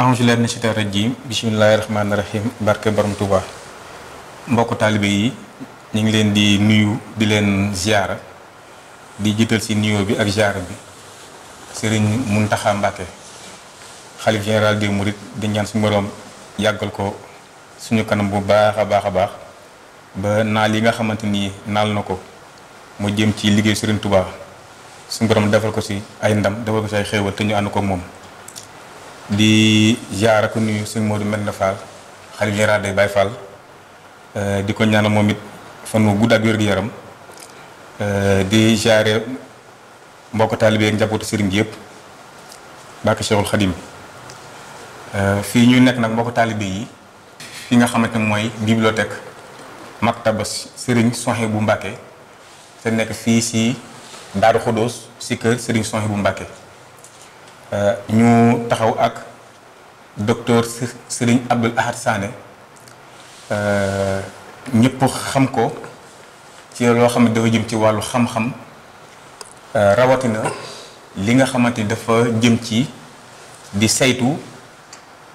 aujulaar na seytaan rajiim bismillaahi rahmaani rahiim barke borom Touba mbokk taalibe yi ñu ngi leen di nuyu di leen ziara di jiital ci nuyoo bi ak ziyaara bi sëriñ Muntaxa Mbàkke xalif général des mourides di ñaan suñu boroom yàggal ko suñu kanam bu baax a baax a baax ba naa yi nga xamante ni naal na ko mu jëm ci liggéey sëriñ tubaa suñu boroom defal ko si ay ndam defal ko ci ay xéewal te ñu ànd ko moom di ziara ku nuyu sëñ Modou Mbène Fall xalif général day Baye Fall euh, di ko ñaanal moom it fan wu gudd ak wér-gu-yaram euh, di ziare mbokk taalibe ak njabootu sëriñ gi yëpp bàkk Cheikhul Khadim euh, fii ñu nekk nag mbokk taalibe yi fi nga xamante ne mooy bibliothèque Maktaba Serigne bu Mbacké te nekk fii si Daaru Xudoos si kër Serigne bu Mbacké Euh, ñu taxaw ak docteur Serigne Abdoul Ahad Sané euh, ñëpp xam ko ci loo xam ne dafa jëm ci wàllu xam-xam euh, rawatina li nga xamante ni dafa jëm ci di saytu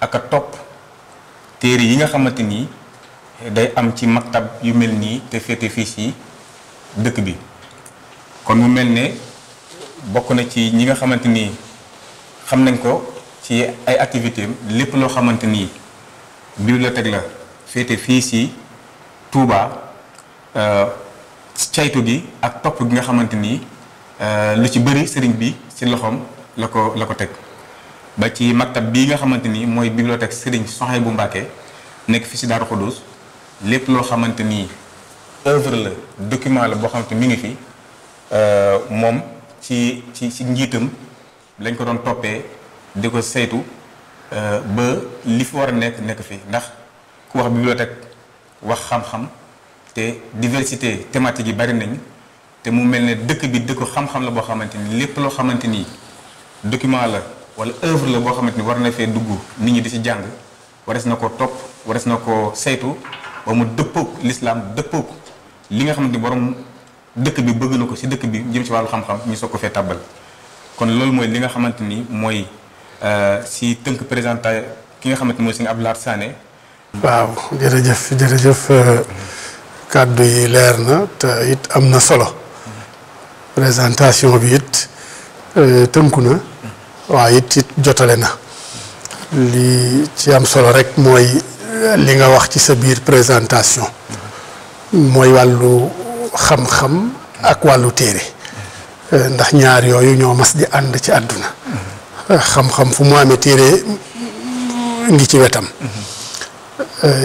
ak a topp téere yi nga xamante ni day am ci maktab yu mel nii te féete fii si dëkk bi kon mu mel ne bokk na ci ñi nga xamante ni. xam nañ ko ci ay activités lépp loo xamante ni bibliothèque la féete fii si Touba euh, caytu gi ak topp gi nga xamante ni euh, lu ci bëri sëriñ bi si loxoom la ko la ko teg ba ci maktab bii nga xamante ni mooy bibliothèque sëriñ Soxay bu Mbàkke nekk fi si Daaru Xuddus lépp loo xamante ni œuvre la document la boo xamante mu ngi fi euh, moom ci ci ci njiitam lañ ko doon toppee di ko saytu euh, ba li fi war a nekk nekk fi ndax ku wax bibliothèque wax xam-xam te diversité thématique yi bari nañ te mu mel ne dëkk bi dëkk xam-xam la boo xamante ni lépp loo xamante ni document la wala œuvre la boo xamante ni war na fee dugg nit ñi di ci jàng wares na ko topp wares na ko saytu ba mu dëppoog l'islam dëppoog li nga xamante ni borom dëkk bi bëgg na ko ci dëkk bi jëm ci wàllu xam-xam ñu soog ko fee tàbbal kon loolu mooy li nga xamante ni mooy euh, si tënk présenté ki nga xamante ni mooy sëñ Abdou Lahad Sané. waaw jërëjëf jërëjëf euh, kàddu yi leer na te it am na solo présentation bi it euh, tënku na waaye it it jotale na li ci am solo rek mooy li nga wax ci sa biir présentation mooy wàllu xam-xam ak wàllu téere ndax ñaar yooyu ñoo mas di ànd ci àdduna xam-xam fu mu amee téere ngi ci wetam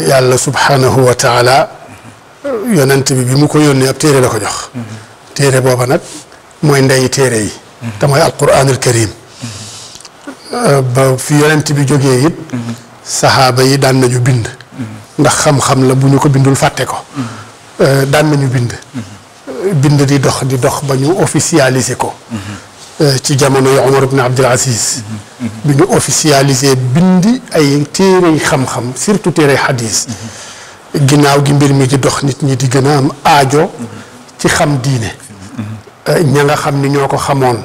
yàlla subhanahu wa taala yonent bi bi mu ko yónnee ab téere la ko jox téere booba nag mooy ndeyi téere yi te mooy alquranul karim ba fi yonent bi jógee it saxaaba yi daan ñu bind ndax xam-xam la bu ñu ko bindul fàtte ko daan nañu bind bind di dox di dox ba ñu officialiser ko. Mm-hmm. Euh, ci jamono yu Omar ibn Abdul Aziz. Mm-hmm. bi ñu officialiser bind ay téere xam-xam surtout téere xadis. Mm-hmm. ginnaaw gi mbir mi di dox nit ñi di gën a am aajo. ci xam diine. Euh, ña nga xam ni ñoo ko xamoon.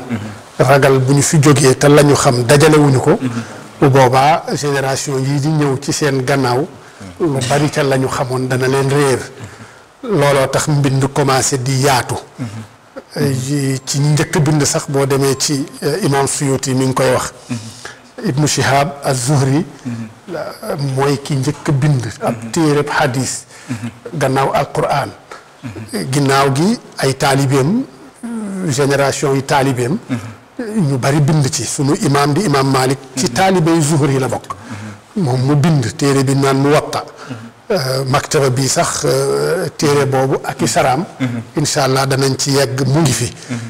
ragal bu ñu fi jógee te la ñu xam dajalewuñu ko. bu boobaa génération yii di ñëw ci seen gannaaw. lu bari ca la ñu xamoon dana leen réer. looloo tax mbind commencé di yaatu. Mm-hmm. Eh, ci njëkk bind sax boo demee ci eh, imam Suyuti mi ngi koy wax. Mm-hmm. Ibnu Shihab az-Zuhri. Mm-hmm. mooy ki njëkk bind. ab téereb hadis. gannaaw Alquran. ginnaaw gi ay taalibeem euh, génération yi taalibeem. ñu bari bind ci sunu imaam di imaam Malik. ci taalibe yu Zuhri la bokk. moom mu bind téere bi naan mu watta Euh, maktaba bii sax euh, téere boobu ak i saraam. Mhm. incha allah danañ ci yegg mu ngi fi. Mhm.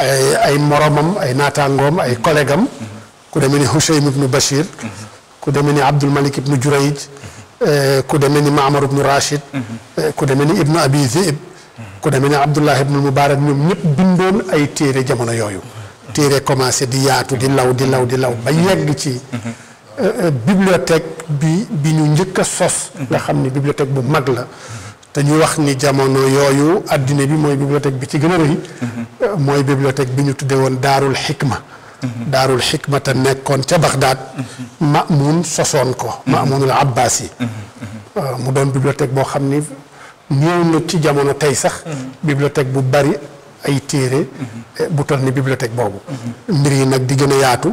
ay ay moromam ay naataangoom ay collègue am. Mhm. ku demee ni Hushaym ibnu Bachir. ku demee ni Abdul Malik ibnu Jurayj. Euh, ku demee ni Maamar ibnu Rachid. ku demee ni Ibnu Abi Ziib. ku demee ni Abdullah ibnu Mubarak ñoom ñëpp bindoon ay téere jamono yooyu. téere commencé di yaatu di law di law di law ba yegg ci. Euh, euh, bibliothèque bi bi ñu njëkk a sos. Mhm. nga xam ni bibliothèque bu mag la. te ñu wax ni jamono yooyu àddina bi mooy bibliothèque bi ci gën a rëy. Mhm. Euh, mooy bibliothèque bi ñu tuddee woon Daarul Xikma. Mhm. Daarul Xikma te nekkoon ca Baxdaad. Maamun sosoon ko. Maamunul Abbaasi mu doon bibliothèque boo xam ni ñëw na ci jamono tey sax. bibliothèque bu bari ay téere. Eh, bu toll ni bibliothèque boobu. mbir yi nag di gën a yaatu.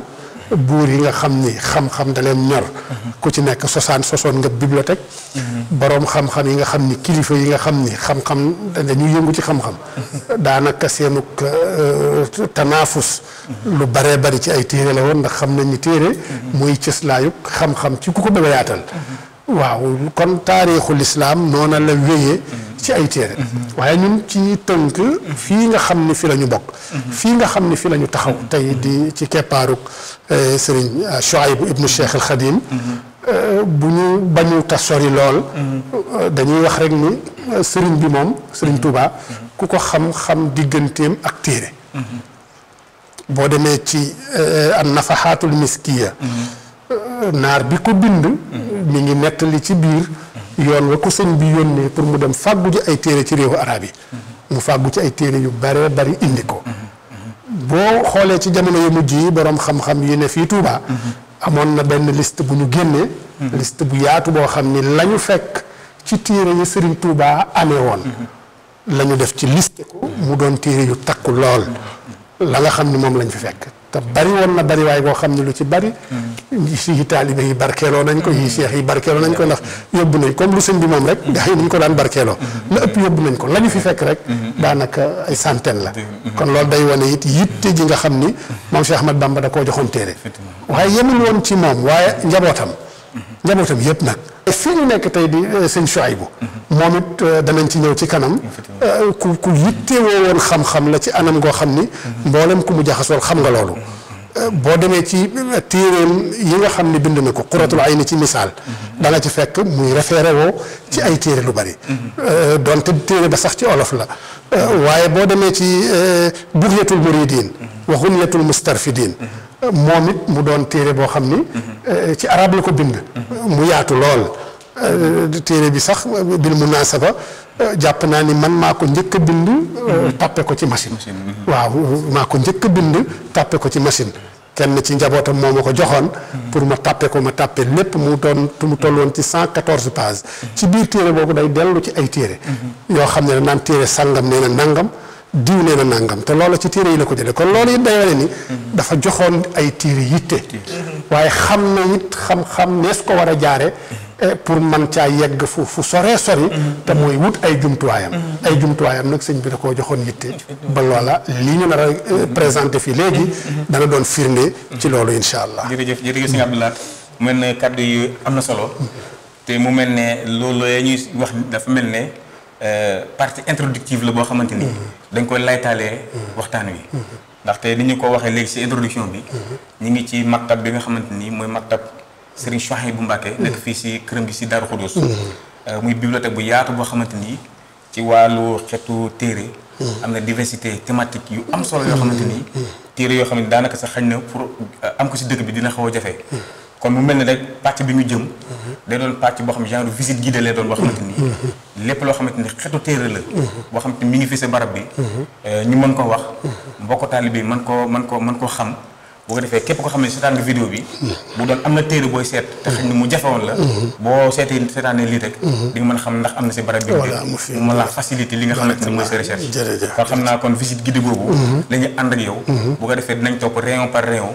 buur yi nga xam ni xam-xam da leen ñor ku ci nekk sosaan sosoon nga bibliothèque boroom xam-xam yi nga xam ni kilifa yi nga xam ni xam-xam dañuy yëngu ci xam-xam daanaka seenu euh, tanaafus lu baree bari ci ay téere la woon ndax xam nañ ni téere muy cëslaayuk xam-xam ci ku ko bëgg yaatal waaw kon taarixu lislaam noona la wéyee ci ay téere waaye ñun ci tënk fii nga xam ni fi lañu bokk fii nga xam ni fi lañu taxaw tey di ci keppaaruk eh, sëriñ Chouaïbou ibnu Cheikh al eh, bu ñu bañu ta sori lool dañuy wax rek ni eh, sëriñ bi moom sëriñ Touba ku ko xam-xam digganteem ak téere boo demee ci an nafaxaatul miskiya naar bi ko bind mi ngi nettali ci biir yoon wa ku sëñ bi yónnee pour mu dem fàggu ji ay téere ci réewu arab yi mu fàggu ci ay téere yu bare bari indi ko boo xoolee ci jamono yu mujj yi boroom xam-xam yi ne fii Touba amoon na benn list bu ñu génnee list bu yaatu boo xam ni lañu fekk ci téere yi Serigne Touba amee woon lañu def ci liste ko mu doon téere yu takku lool la nga xam ni moom lañ fi fekk te bari woon na bari waaye boo xam ne lu ci bari. yi taalibe yi barkeeloo nañ ko yi seex yi barkeeloo nañ ko ndax yóbbu nañ comme lu sëñ bi moom rek. gaa yi ni ñu ko daan barkeeloo. Mhm. la ëpp yóbbu nañ ko la ñu fi fekk rek. Mhm. daanaka ay centaine la. Mhm. kon loolu day wane it yitte ji nga xam ni. moom Cheikh Ahmad Bamba da koo joxoon téere. waaye yemul woon ci moom waaye njabootam. njabootam yëpp nag. fii ñu nekk tey di ay euh, Chouaïbou moom it euh, danañ ci ñëw ci kanam. Euh, ku ku yittewoo woon xam-xam la ci anam goo xam ni. mboolem ku mu jaxasool xam nga loolu. boo demee ci téeréem yi nga xam ne bind na ko xuratul ay ni ci misaal da nga ci fekk muy référé woo ci ay téere lu bari donte téere ba sax ci olof la waaye boo demee ci buxyatul muridin wa xunyatul mustarfidin moom it mu doon téere boo xam ni mhm. ci arab la ko bind mhm. mu yaatu lool euh, téere bi sax mu bil munaasaba jàpp naa ni man maa ko njëkk a bind mhm. tàppe ko ci machine waaw maa ko njëkk bind tàppe ko ci machine kenn ci njabootam moo ma ko joxoon pour ma tàppe ko ma tàppe lépp mu doon mu tolloon ci cent quatorze pages ci biir téere boobu day dellu ci ay téere yoo xam ne naan téere sàngam nee na nangam diw nee na nangam te loola ci téere yi la ko jëlee kon loolu it day wane ni. dafa joxoon ay téere yitte. waaye xam na it xam-xam nees ko war a jaare eh, pour man caa yegg fu sore soree sori. te mooy wut ay jumtuwaayam. ay jumtuwaayam nag sëñ bi da koo joxoon yitte. ba loola ñu nar a eh, présenté fii léegi. dana doon firnde ci loolu incha allah. jërëjëf jërëjëf sëñ Abdou Lahad mel ne kàddu am na solo. te mu mel ne loolu la ñuy wax dafa mel ne. Euh, partie introductive la boo xamante ni. Mm-hmm. dañ koy laytaalee mm-hmm. waxtaan wi. Mm-hmm. ndaxte ni ñu ko waxee léegi ci introduction bi. ñu ngi ci maktab bi nga xamante ni mooy maktab Serigne bu Mbacké. nekk fii si këram gi ci Darou Khoudoss. Euh, muy bibliothèque bu yaatu boo xamante nii ci wàllu xeetu téere. am na diversité thématique yu am solo yoo xamante ni. téere yoo xam ne daanaka sa xañ na pour euh, am ko si dëkk bi dina xaw a jafe. kon mu mel ni rek pàcc bi ñu jëm. Mhm. day doon pàcc boo xam genre visite guidée lay doon. boo xamante ni mhm. lépp loo xamante ni xetu téere la. Mhm. boo xamante ni mi ngi fi sa barab bi. Euh, ñu mën ko wax. mbokk taalibe bi mën koo man koo man koo xam. boo ko defee képp ko xam ne seetaan nga vidéo bi hmm. bu doon am na téere booy seet te xëy na mu jafewoon la hmm. boo seetee seetaanee lii rek hmm. di nga a xam ndax am na si barab bi nga xam ne mooy sa naa kon visite guidée boobu la ñuy ànd ak yow bu ko defee par rayon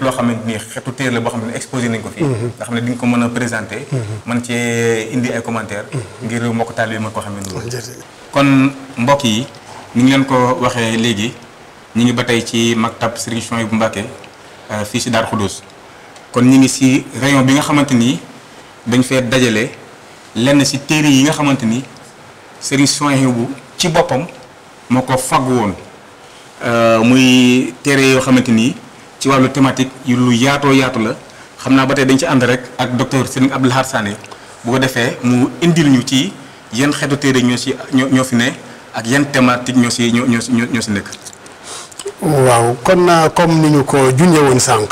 loo xamante ni xeetu téere la boo xam ne exposé nañ ko fii ne di nga ko mën a présenté man cee indi ay commentaire ngir mbokk taalibe mën koo xam ne kon mbokk yi ni ngi leen ko waxee léegi ñu ngi ba tey ci maktab Serigne bu Mbacké euh, fii si Darou Khoudoss kon ñu ngi si rayon bi nga xamante ni dañ fee dajale lenn si téere yi nga xamante ni Serigne Souhaïbou ci boppam moo ko fag woon euh, muy téere yoo xamante ni ci wàllu thématique yu lu yaatoo yaatu la xam naa ba tey dañ ci ànd rek ak docteur Serigne Abdou Lahad Sané bu ko defee mu indil ñu ci yan xeetu téere ñoo si ñoo ñoo fi ne ak yan thématique ñoo si ñoo ñoo si ñoo si nekk. waaw kon comme ni ñu ko junjee woon sànq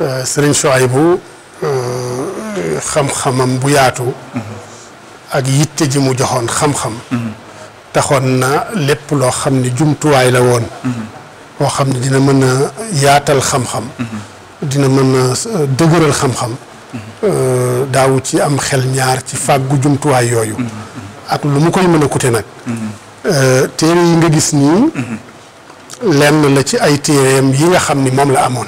euh, sëriñ Souhaïbou euh, xam-xamam bu yaatu ak yitte ji mu joxoon xam-xam taxoon na lépp loo xam ne jumtuwaay la woon boo xam ne dina mën a yaatal xam-xam dina mën a euh, dëgëral xam-xam daawu ci am xel ñaar ci fàggu jumtuwaay yooyu ak lu mu koy mën a kute nag téere yi nga gis nii lenn la ci ay téereem yi nga xam ni moom la amoon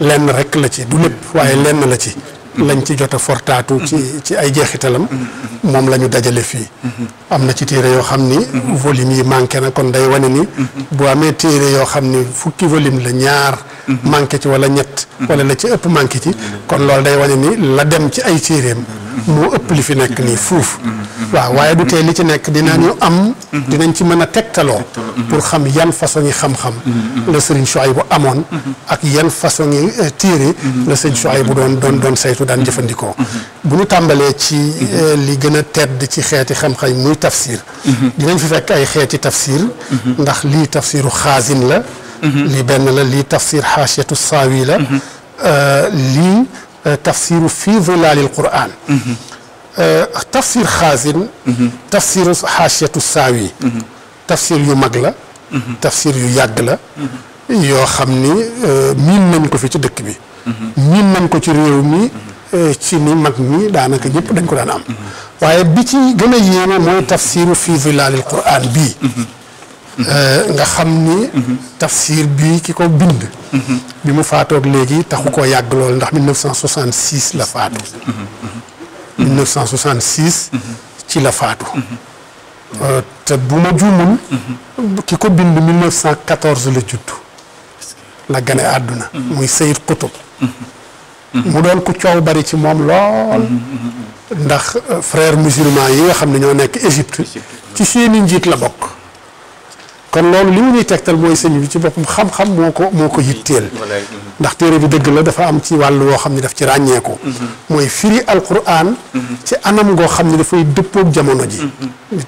lenn rek la ci du lépp waaye lenn la ci lañ ci jot a fortaatu ci ci ay jeexitalam moom la ñu dajale fii am na ci téere yoo xam ni volume yi manqué na kon day wane ni boo amee téere yoo xam ni fukki volume la ñaar manqué ci wala ñett wala la ci ëpp manqué ci kon loolu day wane ni la dem ci ay téereem moo ëpp li fi nekk nii fuuf waaw waaye du tee li ci nekk ñu am dinañ ci mën a tegtaloo pour xam yan façon yi xam-xam la Serigne Souhaïbou amoon ak yan façon yi euh, téere la Serigne Souhaïbou doon doon doon saytu daan jëfandikoo bu ñu tàmbalee ci euh, li gën a tedd ci xeeti xam-xam muy tafsir dinañ fi fekk ay xeeti tafsir ndax lii tafsiru xaasin la lii benn la lii tafsir xaasiyatu saawi la euh, lii tafsiru fii zilaalil Qur'aan. tafsir xaasin. tafsiru xaasiyatu saawi. tafsir yu mag la. tafsir yu yàgg la. yoo xam ni miin nañ ko fi ci dëkk bi. miin nañ ko ci réew mi. ci ni mag mi daanaka ñëpp dañ ko daan am. waaye bi ci gën a yéeme mooy tafsiru fii zilaalil Qur'aan bii. Euh, nga xam ni. tafsir bi ki ko bind. bi mu faatoog léegi taxu koo yàgg lool ndax 1966 la faatu. 1966. ci la euh, te bu ma juumul. ki ko bind 1914 la judd. la gane àdduna. muy Sayid Qutub. mu doon ku coow bari ci moom lool. ndax euh, frère musulman yi nga xam ne ñoo nekk Égypte. ci seeni njiit la bokk. kon loolu li mu ñuy tegtal mooy sëñ bi ci boppam xam-xam moo ko moo ko yitteel ndax téere bi dëgg la dafa am ci wàll woo xam ne daf ci ràññeeku mooy firi alquran ci anam ngoo xam ne dafay dëppoog jamono ji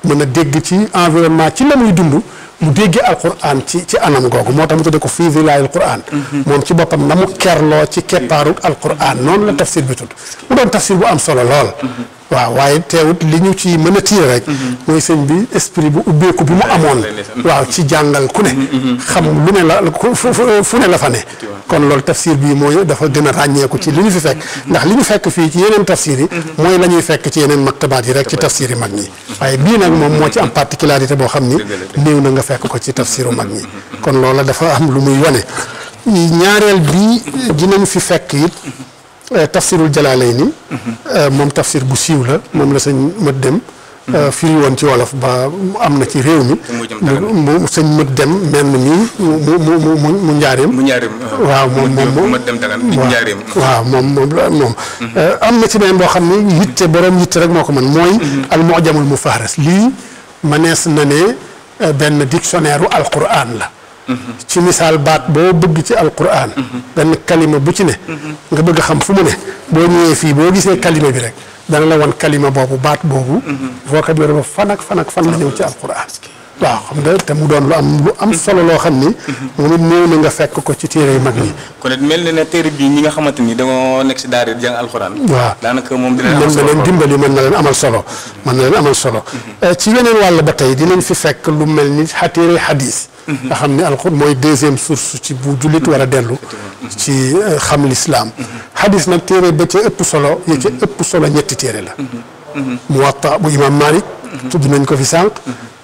nit a dégg ci environnement ci la muy dund mu déggee alquran ci ci anam googu moo tax mu de ko fii zilaayil quran moom ci boppam na mu kerloo ci keppaarug alquran noonu la tafsir bi tudd mu doon tafsir bu am solo lool waaw waaye teewut li ñu ci mën a tiir rek. Mhm. mooy sëñ bi esprit bu ubbeeku bi mu ah, amoon. waaw ci jàngal ku ne. Mhm, mhm, xam lu ne la fu ne la fa ne. kon loolu tafsir bii mooy dafa gën a ràññeeku ci li ñu fi fekk. ndax li ñu fekk fii ci yeneen tafsir yi. mooy la fekk ci yeneen maktabaat yi rek ci tafsir yi mag ñi. waaye bii nag moom moo ci am particularité boo xam ni néew na nga fekk ko ci tafsiru mag ñi. kon lool la dafa am lu muy wane ñaareel bii dinañ fi fekk it. Euh, tafsirul jalaalayni mhm. euh, moom tafsir bu siiw la moom la sëñ mët dem mhm. euh, firi woon ci wolof ba am na ci réew mi dem menn mi mu mu mu waaw moom moom mhm. am na ci beneen boo xam ne yitte borom yitte rek moo ko mën mooy al mujamul mufaharas lii mënees na ne benn dictionnaire u alquran la ci misaal baat boo bëgg ci alquran. nga ne kalima bu ci ne. nga bëgg xam fu mu ne. boo ñëwee fii boo gisee kalima bi rek dana la wan kalima boobu baat boobu. vocabulaire ba fan ak fan ak fan la ñëw ci alquran. waaw xam nga te mu doon lu am lu am solo loo xam ni. moom it na nga fekk ko ci téere yu mag yi. kon mel na ne téere bi ñi nga xamante ni dañoo nekk si daara jàng alxuraan. waaw daanaka moom dina leen dimbali mën na leen amal solo. mën na leen amal solo. Mhm. Eh, ci yeneen wàll ba tey dinañ fi fekk lu mel ni téere xadis. nga xam ne alxuraan mooy deuxième source ci bu jullit war a dellu ci euh, xam lislaam xadis nag téere ba ca ëpp solo ya ca solo ñetti téere la muwatta bu imam malik tudd nañ ko fi sànq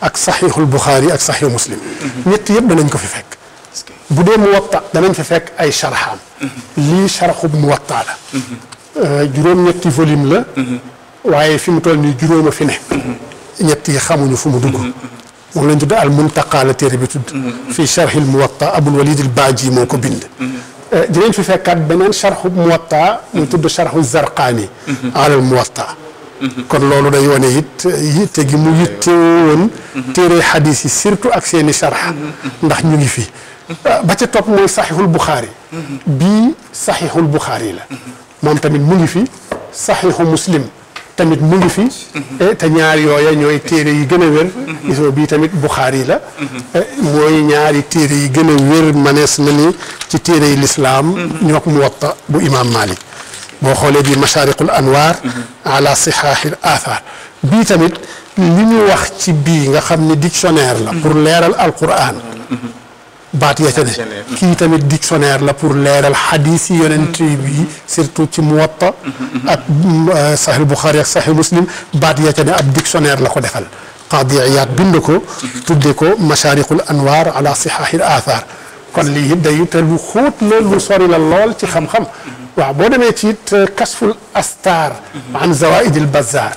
ak saxiixul buxaari ak saxiixu muslim ñetti yëpp danañ ko fi fekk bu dee muwatta danañ fi fekk ay sharxaam lii sharxub muwatta la euh, juróom-ñetti volume la waaye fi mu toll nii juróom fi ne ñett xamuñu fu mu dugg moom lañ tudd al muntaqa la téere bi tudd mm-hmm. fii charhil muwatta abul walid al baaji moo ko bind mm-hmm. eh, dinañ fi fekkaat beneen charhu muwatta muy tudd charhu zarqaani mm-hmm. alal muwatta kon loolu day wone it yitte gi mu yitte woon téere xadis yi surtout ak seeni charx ndax ñu ngi fi eh, ba ca topp mooy saxiixul buxaari bii saxiixul buxaari la moom tamit mu ngi fi saxiixu muslim tamit mu ngi fi. e te ñaar yooya ñooy téere yi gën a wér. Mhm. gisoo bii tamit Buxaari la. Mhm. Eh, mooy ñaari téere yi gën a wér manees na ni ci téere yi lislaam. ñoo ko Muwatta bu imaam Malik boo xoolee di Mashaariqul Anwaar. ala sihahil athar bii tamit li ñu wax ci bii nga xam ni dictionnaire la. pour leeral Alquran. baat ya ca ne kii tamit dictionnaire la pour leeral xadis yi yonent bi mm-hmm. surtout ci muwatta mm-hmm. ak euh, sahih buxaari ak sahih muslim baat ya ca ne la ko defal qaadi iyaad bind ko mm-hmm. tudde ko mashaariqul anwaar ala sihahil athar kon lii yëpp day te lu xóot la lu sori la lool ci xam-xam waaw boo demee ci it euh, kasful astar an zawaidil bazar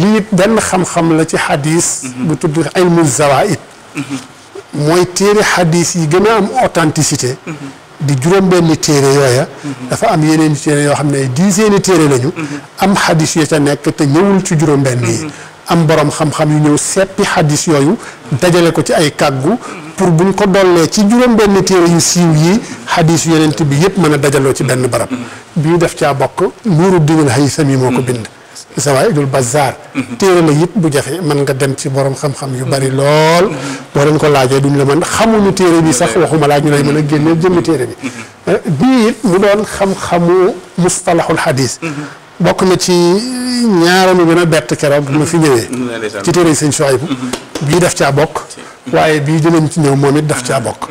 lii it benn xam-xam la ci xadis bu tudd ilmu zawaid mooy téere xadis yi gën a am authenticité di juróom-benni téere yooya dafa am yeneen téere yoo xam ne seeni téere lañu am xadis ya ca nekk te ñëwul ci juróom-benn yi am borom xam-xam yu ñëw seppi xadis yooyu dajale ko ci ay kàggu pour buñ ko dollee ci juróom-benn téere yu siiw yi xadis yu yeneen bi yëpp mën a dajaloo ci benn barab ñu def caa bokk Nuuru Diinul Haysami moo ko bind Zawaahirul Bazaar. Mhm. téere la it bu jafe mën nga dem ci boroom xam-xam yu bari lool. Mhm. boo leen ko laajee duñ la mën xamuñu téere bi sax waxuma laa ñu lay mën a génneel jëmmi mhm. téere bi. Euh, bii it mu doon xam-xamu mustalahul hadis. bokk na ci ñaara mu gën a bett keroog bu ma fi ñëwee. ci téere sëñ Suwaybu bii daf caa bokk. waaye bii dinañ ci ñëw moom it daf caa bokk.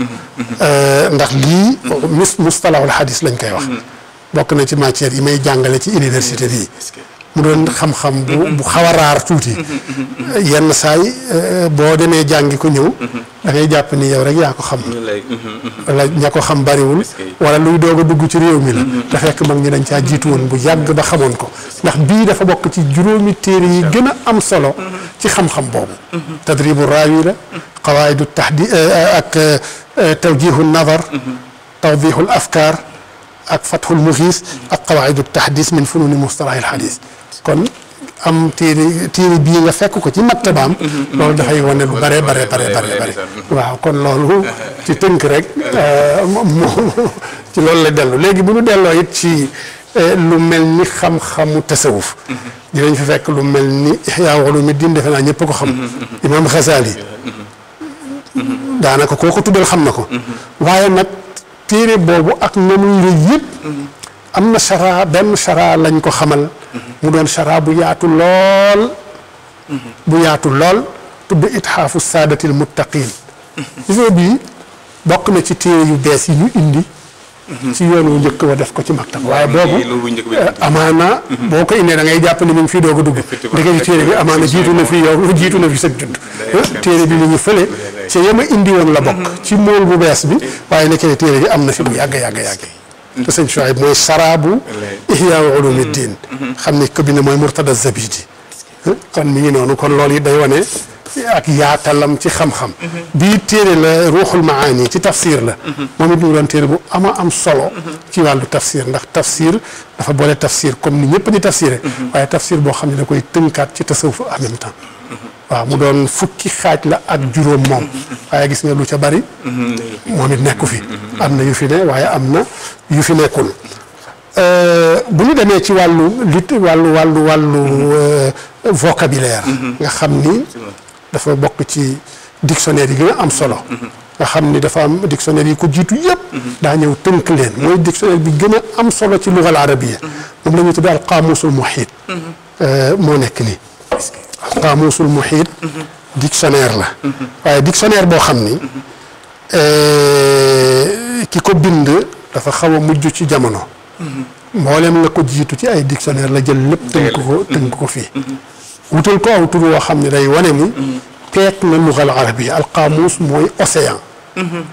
Euh, ndax lii. mis mustalahul hadis lañ koy wax. bokk na ci matière yi may jàngale ci université yi mu doon xam-xam bu mm-hmm. bu xaw a raar tuuti mm-hmm. Mm-hmm. yenn saay eh, boo demee jàngi ko ñëw dangay ngay jàpp ni yow rek yaa ko xam wala ña ko xam bariwul wala luy doog a dugg ci réew mi la te fekk mag ñi dañ caa jiitu woon bu yàgg ba xamoon ko ndax bii dafa bokk ci juróomi téere yi gën a am solo ci xam-xam boobu tadribu raawi la qawaidu tahdi eh, ak eh, tawjihu nadar tawdihul afkar ak fathul muxiis ak qawaidu tahdis min fununi mustalahil xadis kon am téere téere bii nga fekk ko ci maktabaam loolu dafay wane lu bare bare bare bare waaw kon loolu ci tënk rek euh, ci loolu la dellu léegi bu ñu delloo it ci euh, lu mel ni xam-xamu tasawuf dinañ fi fekk lu mel ni Ihya Ulumi Diin defe naa ko xam imaam Xasaali daanaka koo ko xam na ko mm-hmm. waaye nag téere boobu ak na muy rëy am na saraa benn saraa lañ ko xamal mm-hmm. mu doon saraa bu yaatu lool mm-hmm. bu yaatu lool tudd itxaafu saadatil muttaqin mm-hmm. bii bokk na ci téere yu bees yi ñu indi si yoonu njëkk ba def ko ci maktab waaye boobu eh, amaana boo ko indee da ngay jàpp ni mu ngi fii doog a dugg ndeke téere bi amaana jiitu na fi yow jiitu na fi sag judd eh, téere bi mu ngi fële ci yema indi woon la bokk mm-hmm. ci mool bu bees bi waaye nekkee téere bi am na fi bu yàgg yàgg yàgg mm-hmm. te sëñ Chouaib mooy saraabu ihya ulumi diin mm-hmm. xam ni ko bi ne mooy murtada zabidi eh, kon mi ngi noonu kon loolu yi day wone ak yaatalam ci xam-xam bii téere la ruuxul nii ci tafsir la moom it mu doon téere bu ama am solo ci wàllu tafsir ndax tafsir dafa boole tafsir comme ni ñëpp di tafsiré waaye tafsir boo xam ne da koy tënkaat ci tasawuf en même temps waaw mu doon fukki xaaj la ak juróom moom waaye gis nga lu ca bari moom it nekku fi am na yu fi waaye am na yu fi nekkul euh, bu ñu demee ci wàllu lit wàllu wàllu wàllu euh, vocabulaire mm-hmm. nga xam ni dafa bokk ci dictionnaire yi gën a am solo. nga xam ni dafa am dictionnaire yi ko jiitu yëpp. daa ñëw tënk leen. mooy dictionnaire bi gën a am solo ci lugal arabiya. moom la ñuy tuddee al qaamusul muhiit. Euh, moo nekk nii. al qaamusul muhiit. dictionnaire la. waaye dictionnaire boo xam ni. Euh, ki ko bind dafa xaw a mujj ci jamono. Mm-hmm. mboolem la ko jiitu ci ay dictionnaire la jël lépp. tënk ko tënk ko fii. Mm-hmm. wutal ko aw tur woo xam ne day wane ni. peek mm-hmm. na lugal arabiya alqaamuus mooy océan. Mm-hmm.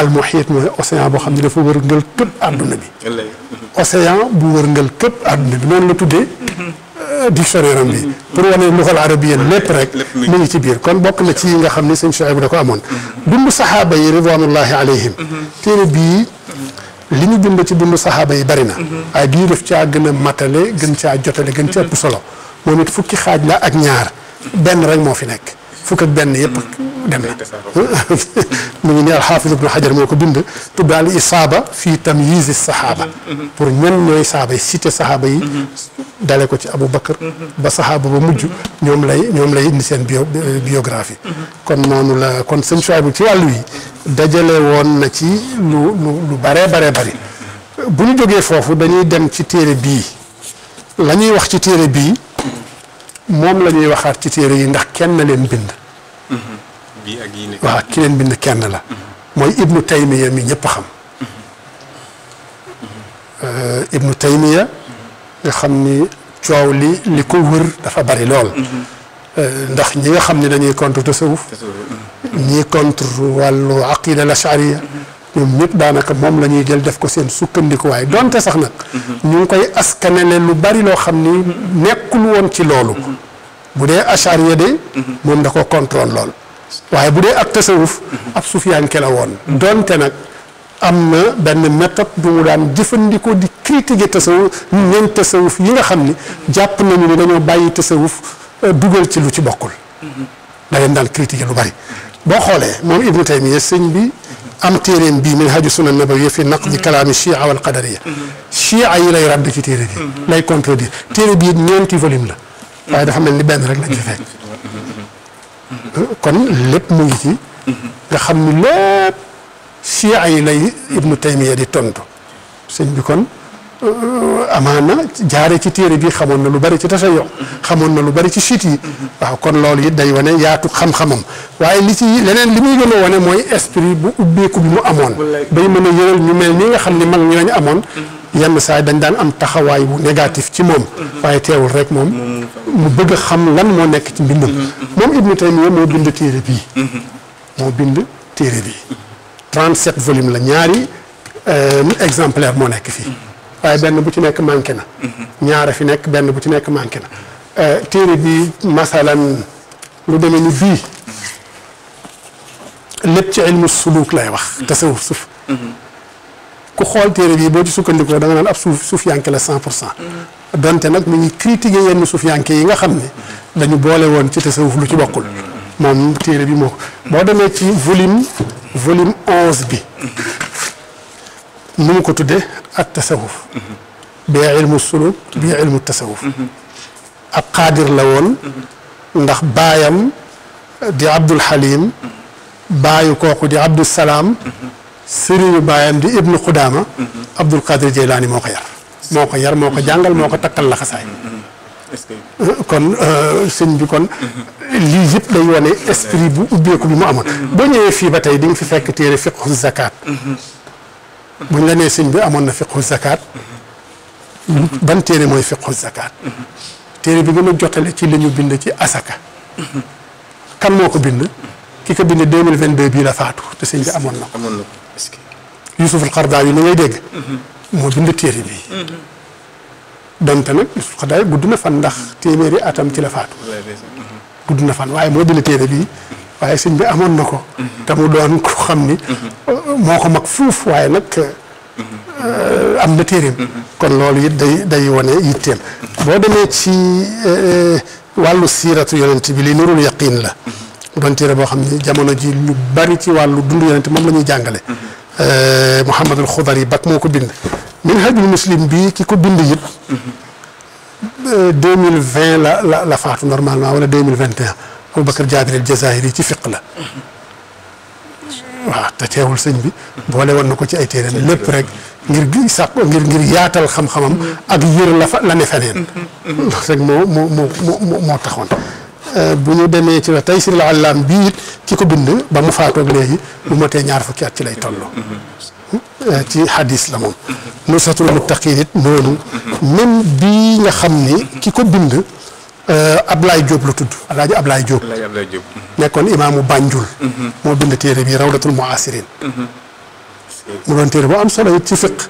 almuhiit mooy océan boo xam ne dafa wërngal këpp àdduna bi. Mm-hmm. océan bu ngel këpp àdduna bi noonu la tuddee. Euh, dictionnaire am bi. pour wane lugal arabiya lépp rek. mu ngi ci biir kon bokk na ci yi nga xam ne sëñ Chouaïb da ko amoon. dund saxaaba yi ridwanullahi alayhim. téere bii. li ñu bind ci dund saxaaba yi bari na. waaye bii daf caa gën a matale gën caa jotale gën caa ëpp solo. moom it fukki xaaj la ak ñaar benn rek moo fi nekk fukk ak benn yëpp dem na mu ngi ne alxaafis ibnu xajar moo ko bind tuddaal isaaba fii tamyiisi saxaaba pour ñan ñooy saaba yi cité saxaaba yi dale ko ci abou bakar ba saxaaba ba mujj ñoom lay ñoom lay indi seen bio kon noonu kon sëñ Suwaybu ci wàllu yi dajale woon na ci lu lu lu baree baree bari bu ñu jógee foofu dañuy dem ci téere bii lañuy wax ci téere bii moom la ñuy waxaat ci téere yi ndax kenn leen bind. bii ak yi waaw ki bind kenn la. Mhm. mooy ibnu taymiya mi ñëpp xam. Mhm. Euh, ibnu taymiya nga xam ni coow li li ko wër dafa bari lool. Mhm. Euh, ndax ñi nga xam ne dañuy contre tasawuf ñii contre wàllu aqida la charia ñoom ñëpp daanaka moom la ñuy jël def ko seen sukkandikuwaay donte sax nag. Mhm. ñu ngi koy askanale lu bari loo xam ni mhm. nekkul woon ci loolu. Mhm. bu dee achariya de. moom da ko contrôle lool. waaye bu dee ak tasawuf. ab sufiyanke la woon. donte nag am na benn méthode bu mu daan jëfandikoo di critiquer tasawuf ñeent tasawuf yi nga xam ni jàpp nañu ni dañoo bàyyi tasawuf euh, dugal ci lu ci bokkul. da leen daan critiquer lu bari. boo xoolee moom Ibnu Taymiya sëñ bi. am téeréem bii min haju sunan nabawiyya fi naqdi mm-hmm. kalaami chia wal qadariyya chia mm-hmm. yi lay ràdd ci téere bi mm-hmm. lay contredire téere bi ñeenti volume la waaye dafa mel ben benn rek lañ ci fekk eh, kon lépp mu ngi ci nga xam ni a chia yi lay ibnu taymiya di tontu sëñ bi kon Euh, amaana jaare ci téere bi xamoon na lu bari ci tasayo xamoon na lu bari ci siit yi waaw kon loolu it day wane yaatu xam-xamam waaye li ci leneen li muy gën a wane mooy esprit bu ubbeeku bi mu amoon bay mën a yëral ñu mel nii nga xam ne mag ñooñu amoon mm-hmm. yenn saay dañ daan am taxawaay bu négatif ci moom mm-hmm. waaye teewul rek moom mu bëgg a xam lan moo nekk ci mbindam mm-hmm. moom Ibnu Taymiya moo bind téere bii moo bind téere bii 37 volumes la ñaari euh, exemplaire moo nekk fii waaye benn bu ci nekk manqué na. Mhm. ñaara fi nekk benn bu ci nekk manqué na. Euh, téere bi masalan lu deme ni bii mhm. lépp ci ilmu suluk lay wax. Mhm. tasawuf suuf. ku xool téere bii boo ci sukkandikoo da nga naan ab suuf suuf yanke la cent pour cent. donte nag mu ngi critiqué yenn suuf yanke yi nga xam ne dañu boole woon ci tasawuf lu ci bokkul. moom téere bi moo ko boo demee ci volume volume onze bi. nu mu ko tuddee ak tasawuf bee ilmu suluk bee ilmu tasawuf ab xaadir la woon ndax baayam di abdul halim baayu kooku di abdul salaam sëriñu baayam di ibnu xudaama abdul qadir jeylaani moo ko yar moo ko yar moo ko jàngal moo ko takkal laxasaay kon euh, sëñ bi kon lii yëpp day wane esprit bu ubbeeku bi mu amoon boo ñëwee fii ba tey di nga fi fekk téere fiqhu zakat buñ la nee sëñ bi amoon na fiqhu zakat ban téere mooy fiqhu zakat téere bi gën a jotale ci lañu bind ci asaka kan moo ko bind ki ko bind 2022 bii la faatu te sëñ bi amoon na ko Yusuf al-Qaradawi yi ni ngay dégg mhm. moo bind téere bi mhm. donte nag Yusuf al gudd na fan ndax téeméeri atam ci la faatu mhm. gudd na fan waaye moo bind téere bii waaye siñ bi amoon na ko. te mu doon ko xam ni. moo ko mag fuuf waaye nag. am na téereem. kon loolu it day day wane yitteem. boo demee ci eh, wàllu siiratu yonent bi li nurul yaqin la. doon téere boo xam ni jamono ji lu bari ci wàllu dundu yonent moom la ñuy jàngale. Eh, Mouhamadul Xudar yi bak moo ko bind. minhajul muslim bi ki ko bind it. 2020 eh, la la la faatu normalement wala 2021. Boubacar Jaabir al Jazaahiri ci fiq la waaw te teewul sëñ bi boole woon na ko ci ay téere lépp rek ngir ngir ngir yaatal xam-xamam ak yër la fa la ne feneen rek moo moo moo moo taxoon euh, bu ñu demee ci la Taysirul Allaam bii it ki ko bind ba mu faatoog léegi bu motee ñaar fukki at ci lay toll euh, ci hadis la moom nusratul muttaqin it noonu même bii nga xam ni ki ko bind Euh, Ablaye Diop la tudd alaaji Ablaye Diop mhm. nekkoon imaamu Banjul mhm. moo bind téere bii rawdatul muasirin mhm. mu doon téere boo am solo it fiq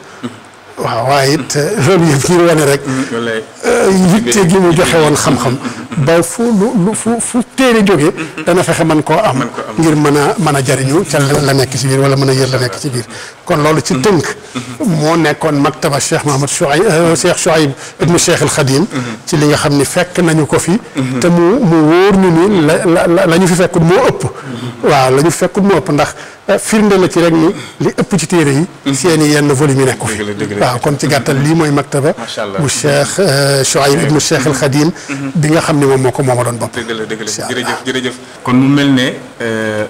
waaw waaye it euh, loolu yi ngir wane rek. Mm-hmm. Euh, yitte gi mu joxe woon xam-xam. Mm-hmm. ba fu lu fu fu téere jóge mm-hmm. dana fexe man koo am. ngir mën a mën a jariñu ca la nekk ci biir walla mën a yër la nekk ci biir. kon loolu ci tënk. moo nekkoon maktaba Cheikh Mahamad Chouaib euh, Cheikh Chouaib mu Cheikh al Khadim. ci li nga xam ni fekk nañu ko fi. te mu mu wóor ñu ni la la la lañu fi fekkut moo ëpp. waaw la ñu fi fekkut moo ëpp ndax firnde la ci rek ni li ëpp ci téere yi. seen yenn volume yi nekk ko waaw kon ci gàttal lii mooy maktaba bu Cheikh Chouaib euh, ibnu Cheikh al Khadim mhm. bi nga xam ne moom moo ko mooma doon bopp dëgg la dëgg la jërëjëf jërëjëf kon mu mel ne euh,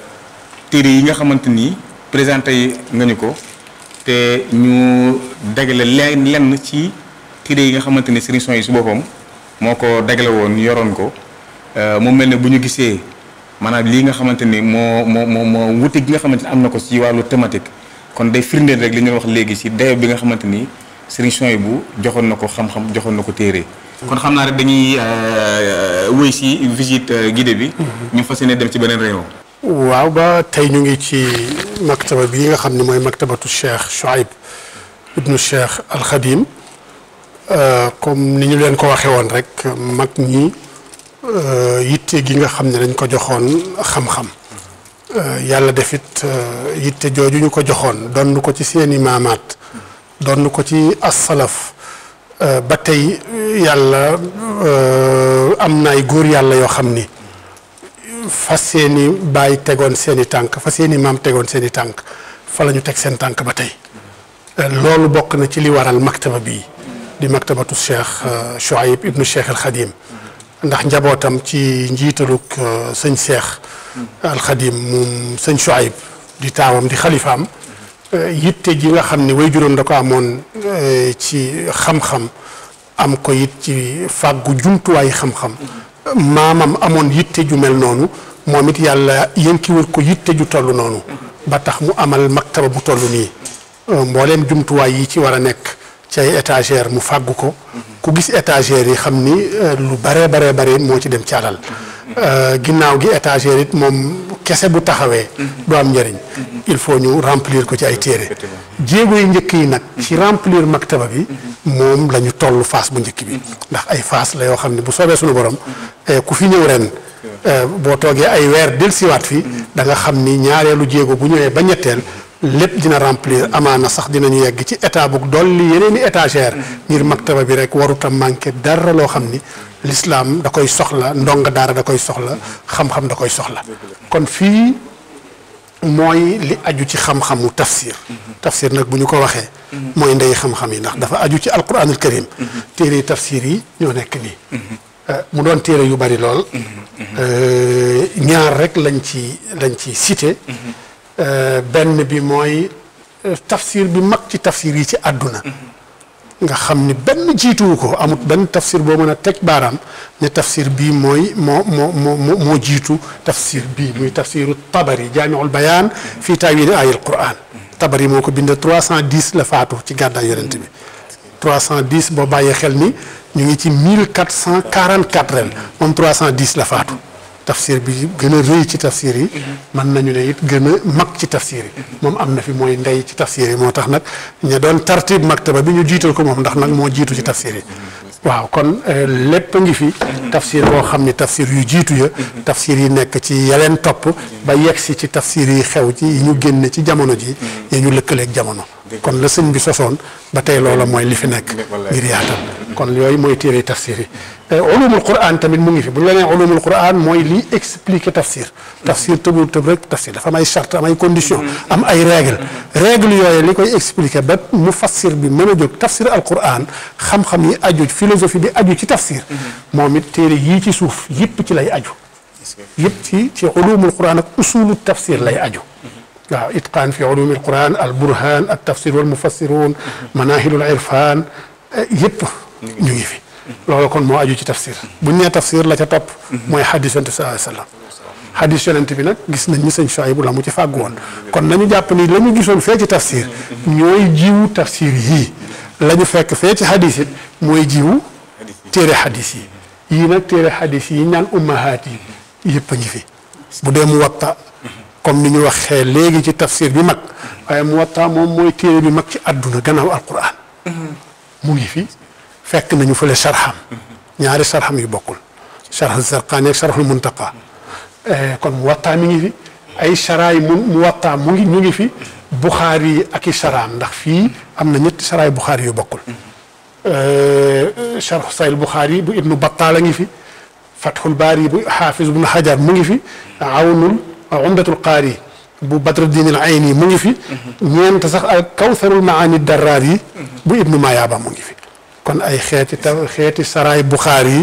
téere yi nga xamante nii présenté yi nga ñu ko te ñu dagale leen lenn ci téere yi nga xamante ni Serigne yi su boppam moo ko dagale woon yoroon ko euh, mu mel ne bu ñu gisee maanaam lii nga xamante ni moo moo moo moo wuti gi nga xamante am na ko ci wàllu thématique kon day firndeel rek li ñu wax léegi ci dayo bi nga xamante ni yi bu joxoon na ko xam-xam joxoon na ko téere kon xam naa rek dañuy euh, euh, wéy si visite euh, guidée bi mm-hmm. ñu fas yéene dem ci beneen réew waaw ba tey ñu ngi ci maktaba bi nga xam ne mooy maktabatu Cheikh Souhaïb ibnu Cheikh Al Khadim comme ni ñu leen ko waxee woon rek mag ñi yitte gi nga xam ne dañ ko joxoon xam-xam Euh, yàlla def defit euh, yitte jooju ñu ko joxoon donn ko ci seeni maamaat donn ko ci assalaf euh, ba tey yàlla am na ay góor yàlla yoo xam ni fa seeni bàyyi tegoon seeni tànk fa seeni maam tegoon seeni tànk fa la ñu teg seen tànk ba tey loolu bokk na ci li waral maktaba bii di maktabatu cheikh Chouaib ibnu cheikh al Khadim ndax njabootam ci njiitalug euh, sëñ Seex alxadim moom sëñ Shuayb di taawam di xalifaam euh, yitte ji nga xam ne way juróom da ko amoon euh, ci xam-xam am ko it ci fàggu jumtuwaay xam-xam maamam amoon yitte ju mel noonu moom it yàlla yënkiwul ko yitte ju toll noonu ba tax mu amal maktaba bu toll nii mbooleem jumtuwaay yi ci war a nekk ci ay étagère mu fàggu ko ku gis étagère yi xam ni euh, lu baree baree bare moo ci dem ci alal euh, ginnaaw gi étagère it moom kese bu taxawee du am njëriñ il faut ñu remplir ko ci ay téere jéego yi njëkk yi nag ci remplir maktaba bi moom lañu ñu toll phase bu njëkk bi ndax ay phase la yoo xam ne bu soobee suñu borom euh, ku fi ñëw ren boo toogee ay weer dellusiwaat fi da nga xam ni ñaareelu jéego bu ñëwee ba ñetteel lépp dina remplir amaana sax dinañu yegg ci état bu dolli yeneen i étagère ngir maktaba bi rek waruta manqué dara loo xam ni lislaam da koy soxla ndonga daara da koy soxla xam-xam da koy soxla kon fii mooy li aju ci xam-xamu tafsir tafsir nag bu ñu ko waxee mooy ndey xam-xam yi ndax dafa aju ci alquranul karim téere tafsir yi ñoo nekk nii euh, mu doon téere yu bari lool mmh, mmh, mmh. Euh, ñaar rek lañ ci lañ ci cité Euh, benn bi mooy euh, tafsir bi mag ci tafsir yi ci àdduna mm-hmm. nga xam ni benn jiituwu ko amut benn tafsir boo mën a teg baaraam ne tafsir bii mooy moo moo moo moo jiitu tafsir bii muy tafsiru tabari jaamiul bayaan fii taawili ayil quran mm-hmm. tabari moo ko bind 310 la faatu ci gàddaay yonent bi mm-hmm. cent 310 boo bàyyee xel ni ñu ngi ci 1444 ren moom 310 la faatu tafsir bi gën a rëy ci tafsir yi mhm. mën nañu ne it gën a mag ci tafsir yi mhm. moom am na fi mooy ndey ci tafsir yi moo tax nag ña doon tartib maktaba bi ñu jiital ko moom ndax nag moo jiitu ci tafsir yi mhm. waaw kon euh, lépp a ngi fi tafsir boo xam ne tafsir yu jiitu ya tafsir yi nekk ci yaleen topp ba yegsi ci tafsir yi xew ci yi ñu génn ci jamono ji yi ñu lëkkaleeg jamono kon la sëñ bi sosoon ba tey loola mooy li fi nekk ngir yaatal kon yooyu mooy téere tafsir yi eh, ulumul quran mu ngi fi bu ñu la nee ulumul quran mooy liy expliquer tafsir mm-hmm. tafsir tëbul tëb rek tafsir dafa am ay charte am ay condition mm-hmm. am ay règle mm-hmm. règle yooyu li koy expliquer ba mu fassir bi mën a jóg tafsir al quran xam-xam yi aju philosophie bi aju ci tafsir moom it téere yii ci suuf yëpp ci lay aju yëpp ci ci ulumul quran ak usulu tafsir lay aju waaw itqaan fi ulumi alquran alburhan altafsir walmufassirun manahilul irfan yëpp ñu ngi fi loolu kon moo aju ci tafsir buñ nee tafsir la ca topp mooy xadis yonent bi sallallahu alayhi wasallam xadis yonent bi nag gis nañ ni sëñ Chouaïbou la mu ci fàgg woon kon na nañu jàpp ni la ñu gisoon fee ci tafsir ñooy jiwu tafsir yii la ñu fekk fee ci xadis mooy jiw téere xadis yi yii nag téere xadis yi ñaan ummahaat yi yëpp a ngi fi bu dee mu watta comme ni ñu waxee léegi ci tafsir bi mag waaye Muwatta moom mooy téere bi mag ci àdduna gannaaw alquran mu ngi fi fekk nañu fële sarxam ñaari sarxam yu bokkul sarxul sarqaani ak sarxul muntaqa eh, kon Muwatta mi ngi fi ay saraay mu Muwatta mu ngi ñu ngi fi buxaari yi ak i saraam ndax fii am na ñetti saraay buxaari yu bokkul eh, sarxu sayl buxaari bu ibnu battaala ngi fi fathul baari bu xaafis ibnu xajar mu ngi fi awnul waaw umdatul qaari bu badruddin al ayni yi mu ngi fi ñeent sax ak kawsarul maani darraar yi bu ibnu mayaaba mu ngi fi kon ay xeeti ta xeeti saraay buxaar yi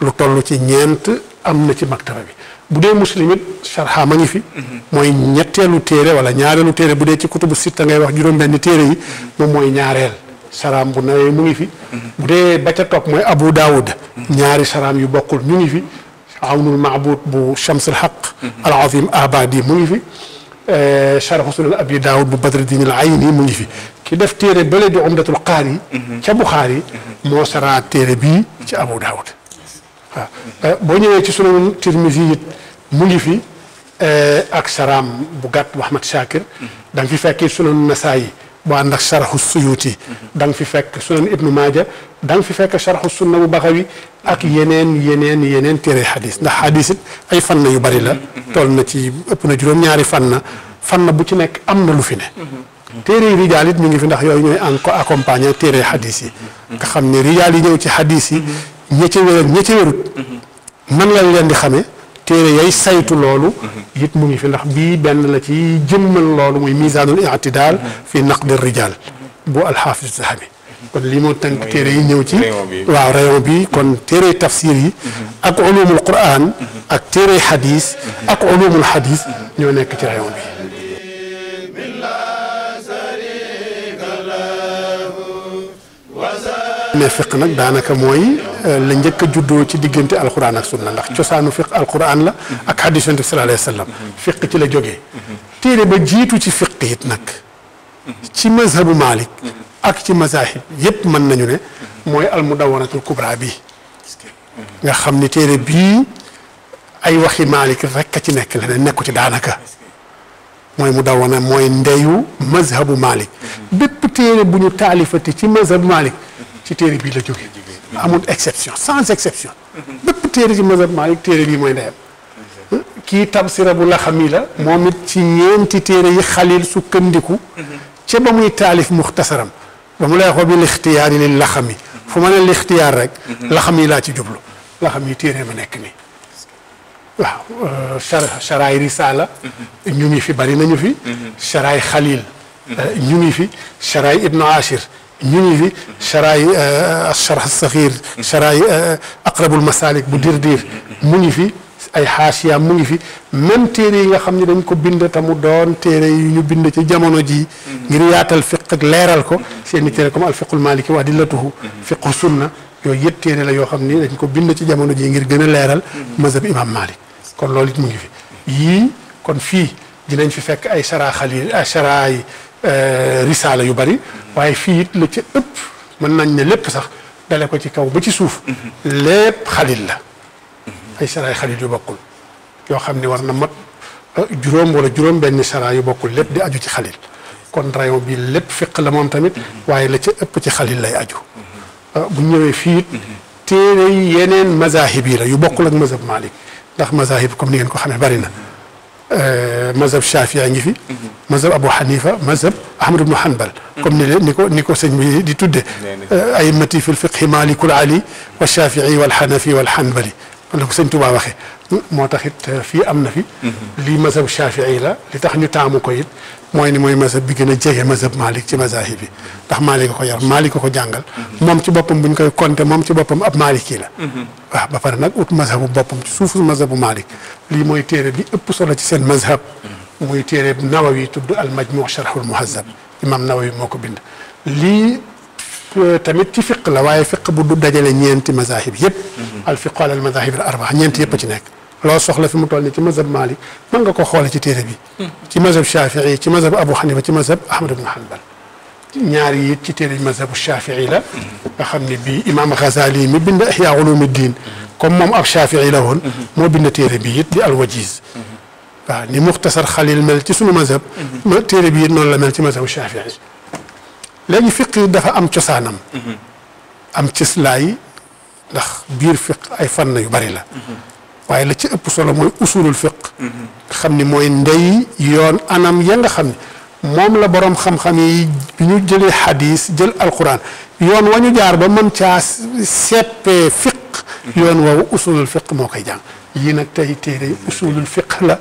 lu toll ci ñeent am na ci maktaba bi bu dee muslim it sharha ma ngi fi mooy ñetteelu téere wala ñaareelu téere bu dee ci kutubu sitta ngay wax juróom-benn téere yi moom mooy ñaareel saraam bu nawee mu ngi fi bu dee ba ca topp mooy abu daawud ñaari saraam yu bokkul ñu ngi fi awnul maabud bu Chamsul Haq. Mhm. al azim abadi mu ngi fi. Eh, Sharh Sunan Abi Daawud bu Badruddin al Ayni mu ngi fi ki def téere bële di Umdatul Qaari. Mhm. ca Buxaari. Mhm. moo saraat téere bii ci Abu Daawud. waaw eh, boo ñëwee ci Sunan Tirmisi it mu ngi fi eh, ak saraam bu gàtt bu Ahmad Shakir da nga fi fekk Sunan Nasaayi. boo ànd ak sharhu suyuti mhm. da nga fi fekk sunan ibnu maaja da nga fi fekk sharhu na bu baxawi ak mhm. yeneen yeneen yeneen téere xadis ndax xadis ay fan fanna yu bari la mhm. toll na ci ëpp na juróom-ñaari fan na bu ci nekk am na lu fi ne téere yi rijaal it ñu ngi fi ndax yooyu ñooy en ko accompagner téere xadis yi nga xam ne rijaal yi ñëw ci xadis yi ña ca wér ak ña ca wérut nan lañ leen di xamee téere yay saytu loolu it mu ngi fi ndax bi benn la ci jëmmal loolu muy misaanul i'tidaal fi naqdi rijaal bu alxaafis zahabi kon lii moo tënk téere yi ñëw ci waaw rayon bi kon téere tafsir yi ak ulumul quran ak téere xadis ak ulumul xadis ñoo nekk ci rayon bi mais fiq nag daanaka mooy Euh, la njëkk a juddoo ci diggante alquran ak sunna ndax cosaanu fiq alquran la ak hadis yonent bi sallallahu alayhi wa sallam fiq ci la jógee téere ba jiitu ci fiq it nag ci mazhabu Malik ak ci mazahib yépp mën nañu ne mooy almudawanatul kubra bi nga xam ni téere bii ay waxi Malik rek a ci nekk leneen nekku ci daanaka mooy mudawana mooy ndeyu mazhabu Malik bépp téere bu ñu taalifati ci mazhabu Malik ci téere bii la jógee amul exception sans exception. bépp téere ci mazhab Maalik téere bi mooy ndeyam. kii tabsira bu laxami la. moom it ci ñeenti téere yi xalil sukkandiku. ca ba muy taalif muxtasaram ba mu lay wax bi lixtiyaar yi li laxami. fu ma ne lixtiyaar rek. laxami laa ci jublu. laxami téere ma nekk nii. waaw euh, risaala ñu ngi fi bari nañu fi. charaay xalil. Euh, ñu ngi fi charaay ibnu Achir. ñu ngi fi charaay charh euh, saxir charaay euh, aqrabul masalik bu dir dir mu ngi fi ay xaasiyaam mu ngi fi même téere yi nga xam ne dañ ko bind te mu doon téere yi ñu bind ci jamono jii ngir yaatal fiq ak leeral ko seeni téere comme alfiqul maliki wax di latuhu fiqu sunna yooyu yëpp téere la yoo xam ni dañ ko bind ci jamono jii ngir gën a leeral mazhab imam malik kon lool it mu ngi fi yii kon fii dinañ fi fekk ay chara xalil ay chara yi Euh, risaala yu bari waaye fii it la ci ëpp mën nañ ne lépp sax dale ko ci kaw ba ci suuf lépp xalil la ay saraay xalil yu bokkul yoo xam ni war na mat euh, juróom wala juróom benn saraay yu bokkul lépp di aju ci xalit kon rayon bi lépp fiq la moom tamit waaye la ci ëpp ci xalil lay aju euh, bu ñëwee fii it téere yi yeneen mazahib yi la yu bokkul ak mazhab Malik ndax mazahib comme ni ngeen ko xamee bari na Euh, mazhab Shafia ngi fi. Mhm. mazhab Abu Hanifa mazhab Ahmad ibnu Hanbal. Mhm. comme ni leen ni ko ni ko sëñ bi di tudde euh, ay mati fil fiqhi malikul ali wa Shafii wal Hanafi wal Hanbali man la ko sëñ Tuubaa waxee moo tax it euh, fii am na fi. Mhm. lii mazhab Shafii la li tax ñu taamu ko it. mooy ni mooy masab bi gën a jege masab Malick ci mazahib yi ndax Malick a ko yar Malick a jàngal moom ci boppam bu ñu koy compter moom ci boppam ab Malick kii la mhm. ba pare nag ut masabu boppam ci suufu masabu Malick lii mooy téere bi ëpp solo ci seen mazhab mhm. muy téere Nawawi tudd al majmu sharhul muhazzab imam Nawawi moo ko bind lii euh, tamit ci fiq la waaye fiq bu du dajale ñeenti mazahib yëpp mhm. al fiqu al mazahib al arba ñeenti yëpp a ci nekk loo soxla fi mu toll ni ci mazhab Malik mën nga ko xoole ci teere bi ci mazhab Shafii ci mazhab Abu Hanifa ci mazhab Ahmad ibn Hanbal ñaar yi it ci téere la nga xam ne bii imaam Ghazali mi bind Ihya Ulumuddin comme moom ab Shafii la woon moo bind téere bi it di alwajiz waaw ni muxtasar xalil mel ci sunu mazhab ma téere bi it noonu la mel ci mazhabu Shafii léegi fiq dafa am cosaanam am cislaay ndax biir fiq ay fànn yu bari la waaye la ci ëpp solo mooy usulul fiq xam ni mooy ndey yoon anam ya xam ni moom la borom xam-xam yi bi ñu jële xadis jël alquran yoon wa ñu jaar ba mën caa seppee fiq yoon woowu usulul fiq moo koy jàng yii nag tey téere usulul fiq la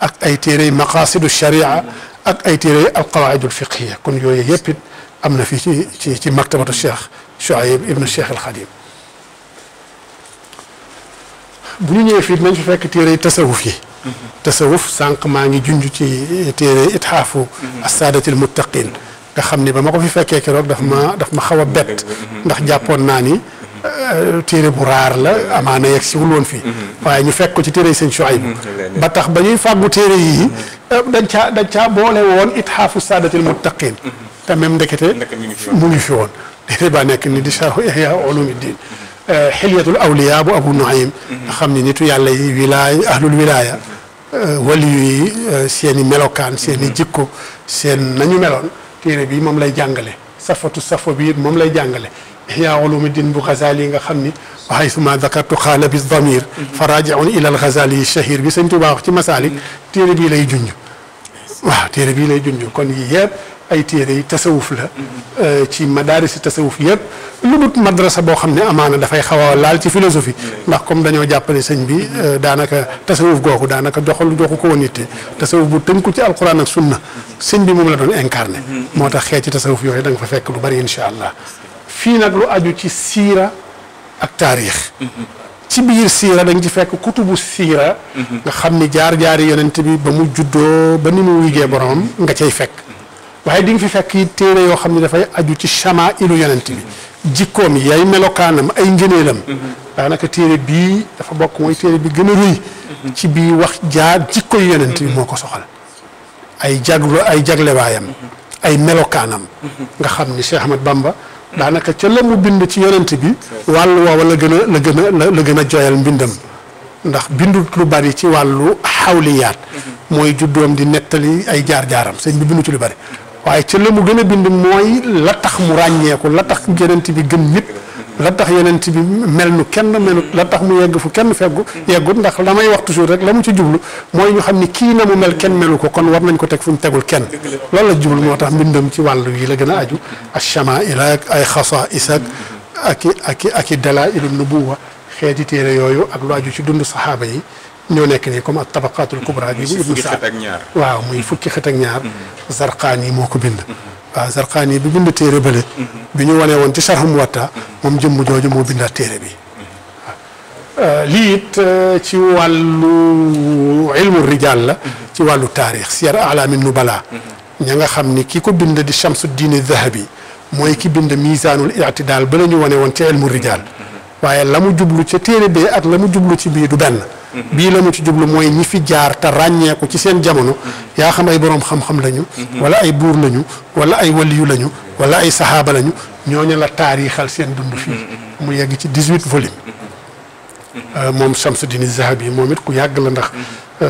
ak ay téere maqasidu sharia ak ay téere alqawaidul fiqhiya kon yooyu yëpp it am na fii ci ci ci maktabatu cheikh Shuayb ibnu cheikh al Xadim bu ñu ñëwee fii dinañ fi fekk téere yi tasawuf yi tasawuf sànq maa ngi junj ci téere itxaafu assaadatil muttaqin nga xam ni ba ma ko fi fekkee keroog dafa ma daf ma xaw a bett ndax jàppoon naa ni euh, téere bu raar la amaana yegg siwul woon fii waaye ñu fekk ko ci téere yi ay Shuayb ba tax ba ñuy fàggu téere yii euh, dañ caa dañ caa boole woon itxaafu saadatil muttaqin te même ndekete mu ngi fi woon téere baa nekk ni di charhu ihya ulumi diin xilyatul awliya bu abu nuaym nga xam ne nitu yàlla yi wilaaya ahlul wilaaya wali yi seen i melokaan seen i jikko seen nañu meloon téere bi moom lay jàngale safatu safo bi moom lay jàngale ihya ulumi din bu Ghazali yi nga xam ni wa haythuma dhakartu qaala bi damir fa rajiun ila al Ghazali shahir bi Sëñ Tuubaa wax ci masaalik téere bii lay junj waaw téere bii lay junj kon yii yëpp ay téere yi tasawuf la euh, ci madaaris yi tasawuf yëpp lu dut madrasa boo xam ne amaana dafay xaw a laal ci philosophie ndax comme dañoo jàppale sëñ bi euh, daanaka tasawuf googu daanaka joxul joxu ko woon itte tasawuf bu tënku ci alquran ak sunna sëñ bi moom la doon incarné moo tax xeeti tasawuf yooyu da nga fa fekk lu bari incha allah fii nag lu aju ci siira ak taarix ci biir siira da nga ci fekk kutubu siira nga xam ni jaar-jaari yonent bi ba mu juddoo ba ni mu wigee borom nga cay fekk waaye di nga fi fekk it téere yoo xam ne dafay aju ci chama ilu yonent bi jikkoom yi ay melokaanam ay ngëneelam daanaka téere bii dafa bokk mooy téere bi gën a rëy ci bii wax jaar jikko yu yonent bi moo ko soxal ay jaglu ay jaglewaayam ay melokaanam nga xam ni Cheikh Ahmad Bamba daanaka ca la mu bind ci yonent bi wàllu woowa la gën a la gën a la gën a joyal mbindam ndax bindut lu bari ci wàllu xawliyaat mooy juddoom di nettali ay jaar-jaaram sëñ bi bindu ci waaye ca la mu gën a bind mooy la tax mu ràññeeku la tax yenent bi gën nit la tax yenent bi mel nu kenn melut la tax mu yegg fu kenn feggu yeggut ndax la may wax toujours rek la mu ci jublu mooy ñu xam ni kii na mu mel kenn melu ko kon war nañ ko teg fu mu tegul kenn loolu la jublu moo tax mbindam ci wàllu yi la gën a aju achamaila ak ay xasa ak aki aki aki dala ilum nubuwa xeeti téere yooyu ak lu aju ci dund saxaaba yi ñoo nekk ni comme ak tabaqaatul kubra bi bu ibnu saad waaw muy fukki xët ak ñaar mhm. zarqaan yi moo ko bind mhm. zarqaan yi bi bind téere bële mhm. bi ñu wanee woon ci sarxu muwatta moom jëmm jooju moo bindaat téere bi euh, lii it euh, ci wàllu ilmu rijaal la ci wàllu taarix siyar alamin nubala ña nga xam ni kii ko bind di chamsu diine zahabi mooy ki bind misaanul itidaal ba la ñu wane woon ci ilmu rijaal waaye la mu jublu ca téere bee ak la mu jublu ci bii du benn mhm. bii la mu ci jublu mooy ñi fi jaar te ràññeeku ci seen jamono mhm. yaa xam ay boroom xam-xam lañu mhm. wala ay buur lañu wala ay waliyu lañu wala ay saxaaba lañu ñooñu la taarixal seen dund fii mu yegg ci 18 volume euh, moom Samsudin Zahabi moom it ku yàgg la ndax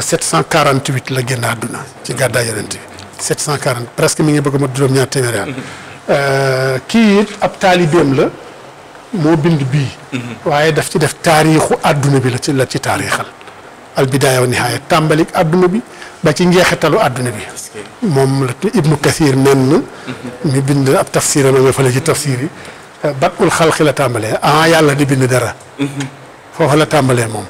748 euh, la génn àdduna ci gàddaa yonent bi 740 presque mi ngi bëgg ma juróom-ñaar téeméer euh, kii ab taalibeem la moo bind bii. Mm-hmm. waaye daf ci def taarixu àdduna bi la ci la ci taarixal. al bidaaya wa nihaaya tàmbalik adduna bi ba ci njeexitalu àdduna bi. moom la ibnu Kathir nen mi mm-hmm. bind ab tafsiram nga fële ci tafsir yi. bat ul xalqi la tàmbalee ah yàlla di bind dara. Mm-hmm. foofa la tàmbalee moom.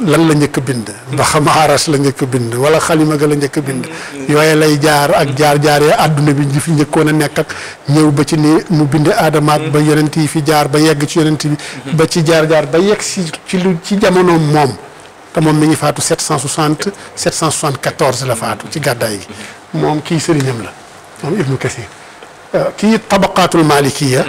lan la njëkk bind ba xam aras la njëkk bind wala xalima ga la njëkk bind yooye lay jaar ak jaar-jaaree àdduna bi ñi fi njëkkoon a nekk ak ñëw ba ci ni mu bind aadamaat ba yonent yi fi jaar ba yegg ci yonent bi ba ci jaar-jaar ba yegg si ci lu ci jamono moom te moom mi ngi faatu 760 774 la faatu ci gàddaay gi moom kii sëriñam la moom ibnu kasir euh, kii tabaqaatul malikiya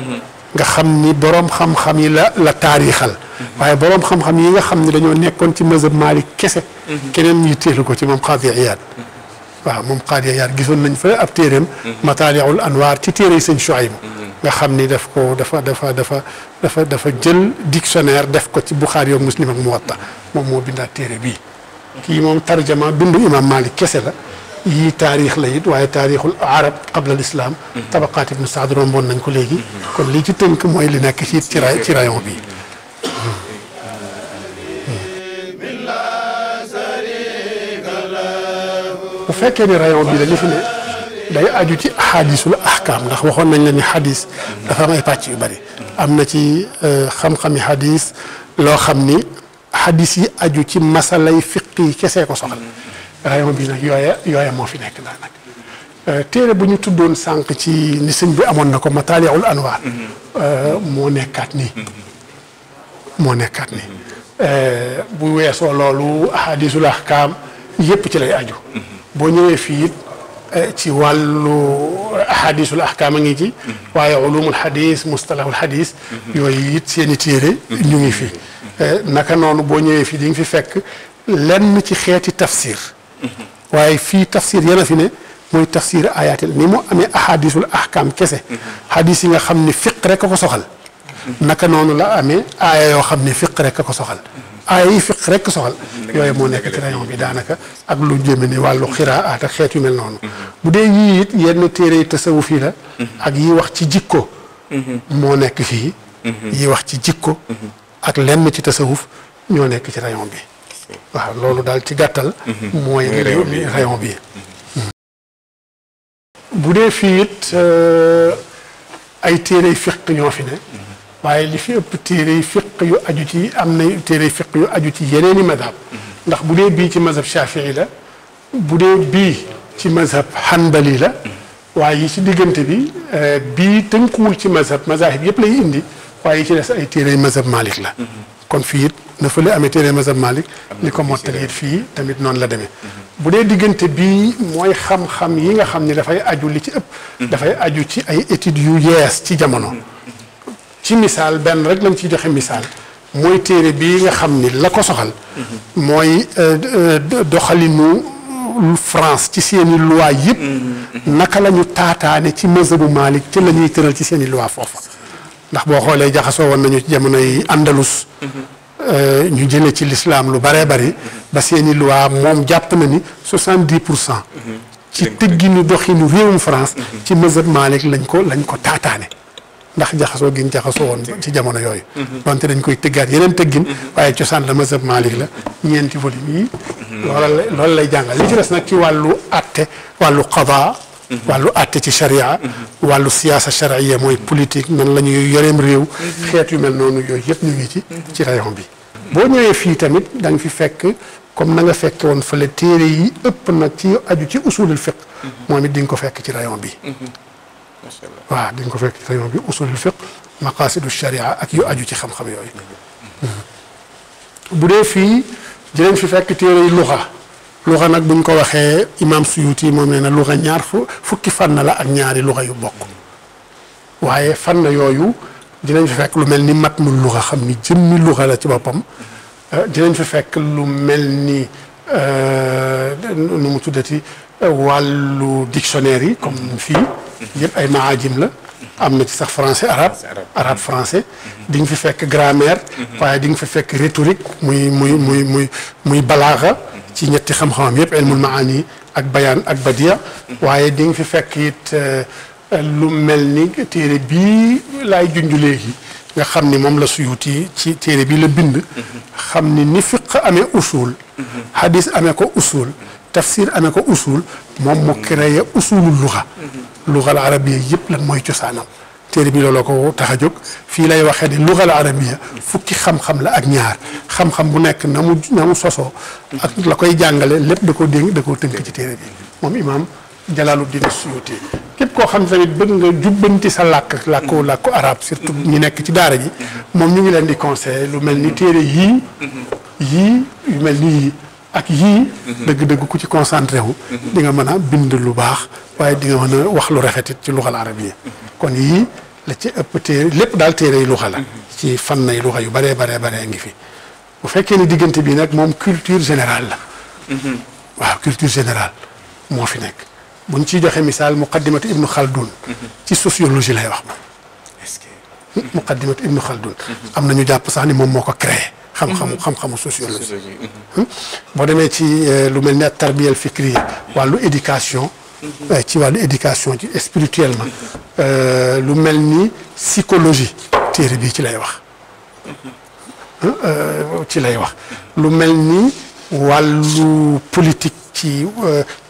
nga xam ni boroom xam-xam yi la la taarixal waaye boroom xam-xam yi nga xam ni dañoo nekkoon ci mazhab Maalik kese mhm. keneen ñu téelu ko ci moom Qaadi Iyaad mhm. waaw moom Qaadi Iyaad gisoon nañ fa ab téeréem mhm. Mataali'ul Anwaar ci téere sëñ Shuaybu nga xam ni daf ko dafa dafa dafa dafa dafa jël dictionnaire def ko ci Buxaari yoog Muslim ak Muwatta moom moo bindaat téere bii kii moom tarjama bindu imaam Maalik kese la yii taarix la it waaye taarixul arab qabla lislaam mhm. tabaqaat ibnu saad romboon nañ ko léegi mhm. kon lii ci tënk mooy li nekk ci ci rayon bi bu fekkee ni rayon bi la li fi ne day aju ci xadisul ahkaam ndax waxoon nañ la ni xadis dafa am ay pàcc yu bari am na ci euh, xam-xami xadis loo xam ni xadis yi aju ci masalay fiq yi kesee ko soxal mhm. rayon bii nag yooya yooya moo fi nekk daanaka euh, téere bu ñu tuddoon sànq ci ni sëñ bi amoon na ko Mataalixul Anwaar euh, moo nekkaat nii moo nekkaat nii euh, bu weesoo loolu ahadisul ahkaam yépp ci lay aju boo ñëwee fii it ci wàllu ahadisul ahkaam a ngi ci waaye ulumul hadis mustalahul hadis yooyu it seen téere ñu ngi fi naka noonu boo ñëwee fii di nga fi fekk lenn ci xeeti tafsir waaye fii tafsir yana fi ne mooy tafsir ayatil ni mu amee ahadisul ahkam kese hadis yi nga xam ni fiq rek a ko soxal naka noonu la amee aaya yoo xam ni fiq rek a ko soxal aaya yi fiq rek soxal yooyu moo nekk ci rayon bi daanaka ak lu jëme ni wàllu xiraa ak xeet yu mel noonu bu dee yii it yenn téere yi tasawuf yi la ak yi wax ci jikko moo nekk fii yi wax ci jikko ak lenn ci tasawuf ñoo nekk ci rayon bi waaw loolu daal ci gàttal. Mhm. mooy rayon bi rayon bi. Mhm. Mhm. bu dee fii euh, ay téere fiq ñoo fi ne. waaye li fi ëpp téere fiq yu aju ci am na téere fiq yu aju ci yeneen i madhab ndax bu dee bii ci mazhab shafii la bu dee bii ci mazhab hanbali la waaye yi ci diggante bi euh, bii tënkuwul ci mazhab mazahib yëpp lay indi waaye yi ci des ay téere mazhab malik la kon fiit na fële amee téere mazhab Malik li ko mottali fii tamit noonu la demee mhm. bu dee diggante bii mooy xam-xam yi nga xam ne dafay aju li ci ëpp mhm. dafay aju ci ay études yu yees ci jamono mhm. ci misaal benn rek lañ ciy joxe misaal mooy téere bii nga xam ni la ko soxal mooy euh, euh, doxalinu France ci seeni loi yëpp naka la ñu taataane ci mazhabu Malik te la ñuy tëral ci seeni loi foofa ndax boo xoolee jaxasoo woon nañu ci jamonoy Andalus Euh, ñu jëlee ci lislaam lu bëree bëri ba seeni loi moom jàpp na ni soixante-dix pour cent ci tëgginu doxinu réewum France mhm. ci mazhab Malik lañ ko lañ ko taataane ndax jaxasoo gin jaxasoo woon ci jamono yooyu mhm. donte dañ koy tëggaat yeneen tëggin mhm. waaye cosaan la mazhab Malik la ñeenti volume yi loolu lay loolu lay jàngal li ci des nag ci wàllu atte wàllu qada Mhm. wàllu àtte ci charia mhm. wàllu siyaasa charia mooy politique nan la ñuy réew mhm. xeet yu mel noonu yooyu yëpp ñu ngi ci ci rayon bi boo ñëwee fii tamit da nga fi fekk comme na nga fekk woon fële téere yi ëpp nag ci aju ci usulul fiq moom it di ko fekk ci rayon bi waaw di ko fekk ci bi usulul fiq maqasidu sharia ak yu aju ci xam-xam yooyu bu dee fii dinañ fi fekk téere yi luxa luxa nag buñ ko waxee imaam suyuti moom nee na luxa ñaar fukki fan na la ak ñaari luxa yu bokk waaye fànn yooyu dinañ fi fekk lu mel ni mat mu luxa xam ni jëmmi luxa la ci boppam euh, dinañ fi fekk lu mel ni euh, nu mu tuddati wàllu dictionnaire yi comme fii yëpp ay maajim la am na ci sax français arabe arabe français di nga fi fekk grammaire waaye di nga fi fekk rhétorique muy muy muy muy muy balaaxa ci ñetti xam-xamam yëpp ilmul maani ak bayaan ak badiya waaye di nga fi fekk it eh, lu mel ni téere bi laay junj léegi nga xam ni moom la suyuti ci téere bi la bind xam ni ni fiq amee usul hadis amee ko usul tafsir amee ko usul moom mu créé usulul luxa luxal arabiya yëpp lan mooy cosaanam téere bi looloo ko tax a jóg fii lay waxee di ne luxal arabiya fukki xam-xam la ak ñaar xam-xam bu nekk na mu na mu sosoo ak la koy jàngale lépp da koo dénk da ko tënk ci téere bi moom imaam Jalaaluddin Suyuti képp koo xam tamit bëgg nga jubbanti sa làkk làkku làkku araab surtout ñi nekk ci daara ji moom ñu ngi leen di conseillé lu mel ni téere yii yii yu mel ni ak yii. dëgg-dëgg ku ci concentré wu. di nga mën a bind lu baax waaye di mën a wax lu rafetit ci luxal arabiya kon yii la ci ëpp téere lépp daal téere yi luxa la. ci fan nay luxa yu baree baree baree ngi fi bu fekkee ni diggante bi nag moom culture générale la. waaw culture générale moo fi nekk buñ ciy joxe misaal muqaddimatu ibnu Khaldun. ci sociologie lay wax moom. est-ce que. muqaddimatu ibnu Khaldun. am na ñu jàpp sax ni moom moo ko créé. xam-xamu mhm. xam-xamu sociologie mhm. hmm? boo demee ci euh, lu mel ni ak tarbiyel fikri wàllu éducation mhm. eh, ci wàllu éducation ci spirituellement euh, lu mel ni psychologie téere bii ci lay wax hmm? euh, ci lay wax lu mel ni wàllu politique ci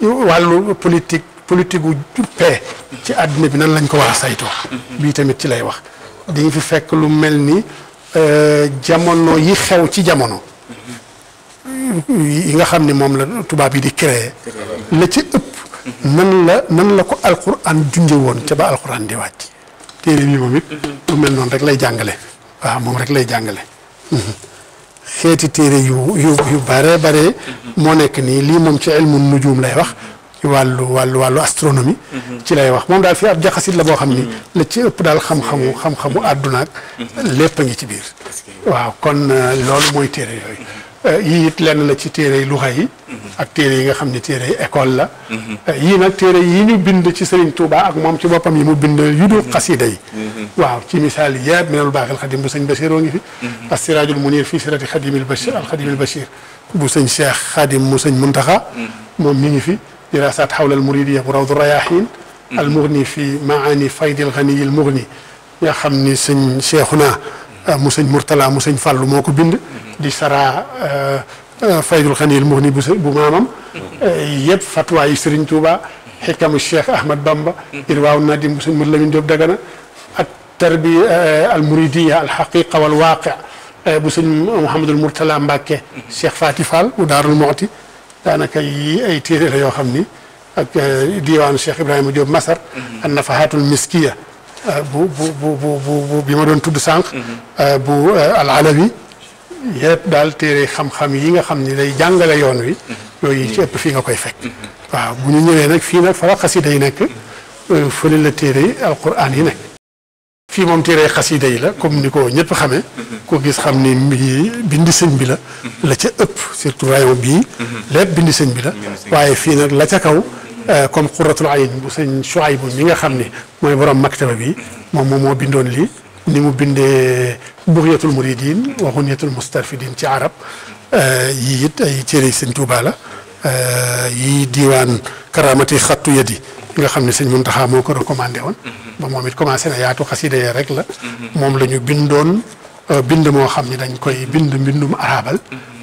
wàllu politique politique gu ci àddina bi nan lañ ko wax a saytoo bii tamit ci lay wax di fi fekk lu mel ni Euh, jamono yi xew ci jamono yi nga xam ne moom la tubaab yi di créer la ca ëpp nan la nan la ko alquran junje woon ca ba alquran di wàcc téere bi moom it lu mel noonu rek lay jàngale waaw moom rek lay jàngale xeeti téere yu yu yu bare bare moo nekk nii lii moom ci ilmu nujum lay wax wàllu wàllu wàllu astronomie. Mm-hmm. ci lay wax moom daal fii ab jaxasit la boo xam ni. Mm-hmm. la ci ëpp daal xam-xamu mm-hmm. xam àdduna ak lépp a ngi ci biir. waaw kon euh, loolu mooy téere yooyu. Euh, yii it lenn la ci téere yi luxa yi ak téere yi nga xam ne téere yi école la euh, yii nag téere yi ñu bind ci Serigne Touba ak moom ci boppam yi mu bind yu du xasida yi waaw ci misaal yëpp minal baax xadim bu sëñ Bachir oo ngi fi as-siraajul munir fii sirati xadimil Bachir al xadimil Bachir bu sëñ Cheikh xadim mu sëñ Muntaxa moom mi ngi fi دراسات حول المريدية بروض الرياحين المغني في معاني فيض الغني المغني nga xam ni sëñ Seexuna mu sëñ Murtala mu sëñ Fàllu moo ko bind di sara faydul xaniil muxni bu bu maamam yëpp fatwa yi Sëriñ Tuuba xikamu Cheikh Ahmad Bamba ir waaw naa di mu sëñ Mur Lamin Jóob Dagana ak tarbi al muridiya al xaqiqa wal waaqi bu sëñ Mouhamadul Murtala Mbàkke Cheikh Faati Fall bu Daarul Moxti daanaka yi ay téere la yoo xam ni ak euh, diwaanu Cheikh Ibrahima Diop Masar. Mm-hmm. an nafahatul miskiya. Euh, bu bu bu bi ma doon tudd sànq. Mm-hmm. Euh, bu alalawi yëpp daal téere xam-xam yi nga xam ni day jàngale yoon wi. Mm-hmm. yooyu ci fii nga koy fekk. waaw bu ñu ñëwee nag fii nag fa la xasida yi nekk fële la téere alquran yi nekk. fii moom téere xasida yi la comme ni ko ñëpp xame ko gis xam ni mbi bindi sëñ bi la. la ca ëpp surtout rayon bii. lépp bindi sëñ bi la. waaye fii nag la ca kaw. Euh, comme xuratul ayn bu mi nga xam ni mooy borom maktaba bi moom moom moo bindoon lii ni mu bindee buxyatul muridin wa xunyatul mustarfidin ci arab euh, yii it ay téere sëñ Tuuba la euh, yii diwaan karaamati xattu yadi nga xam ne sëñ Muntaxa moo ko recommandé woon. ba moom it commencé na yaatu xasida yi rek la. moom la ñu bindoon euh, bind moo xam ne dañ koy bind mbindum arabal.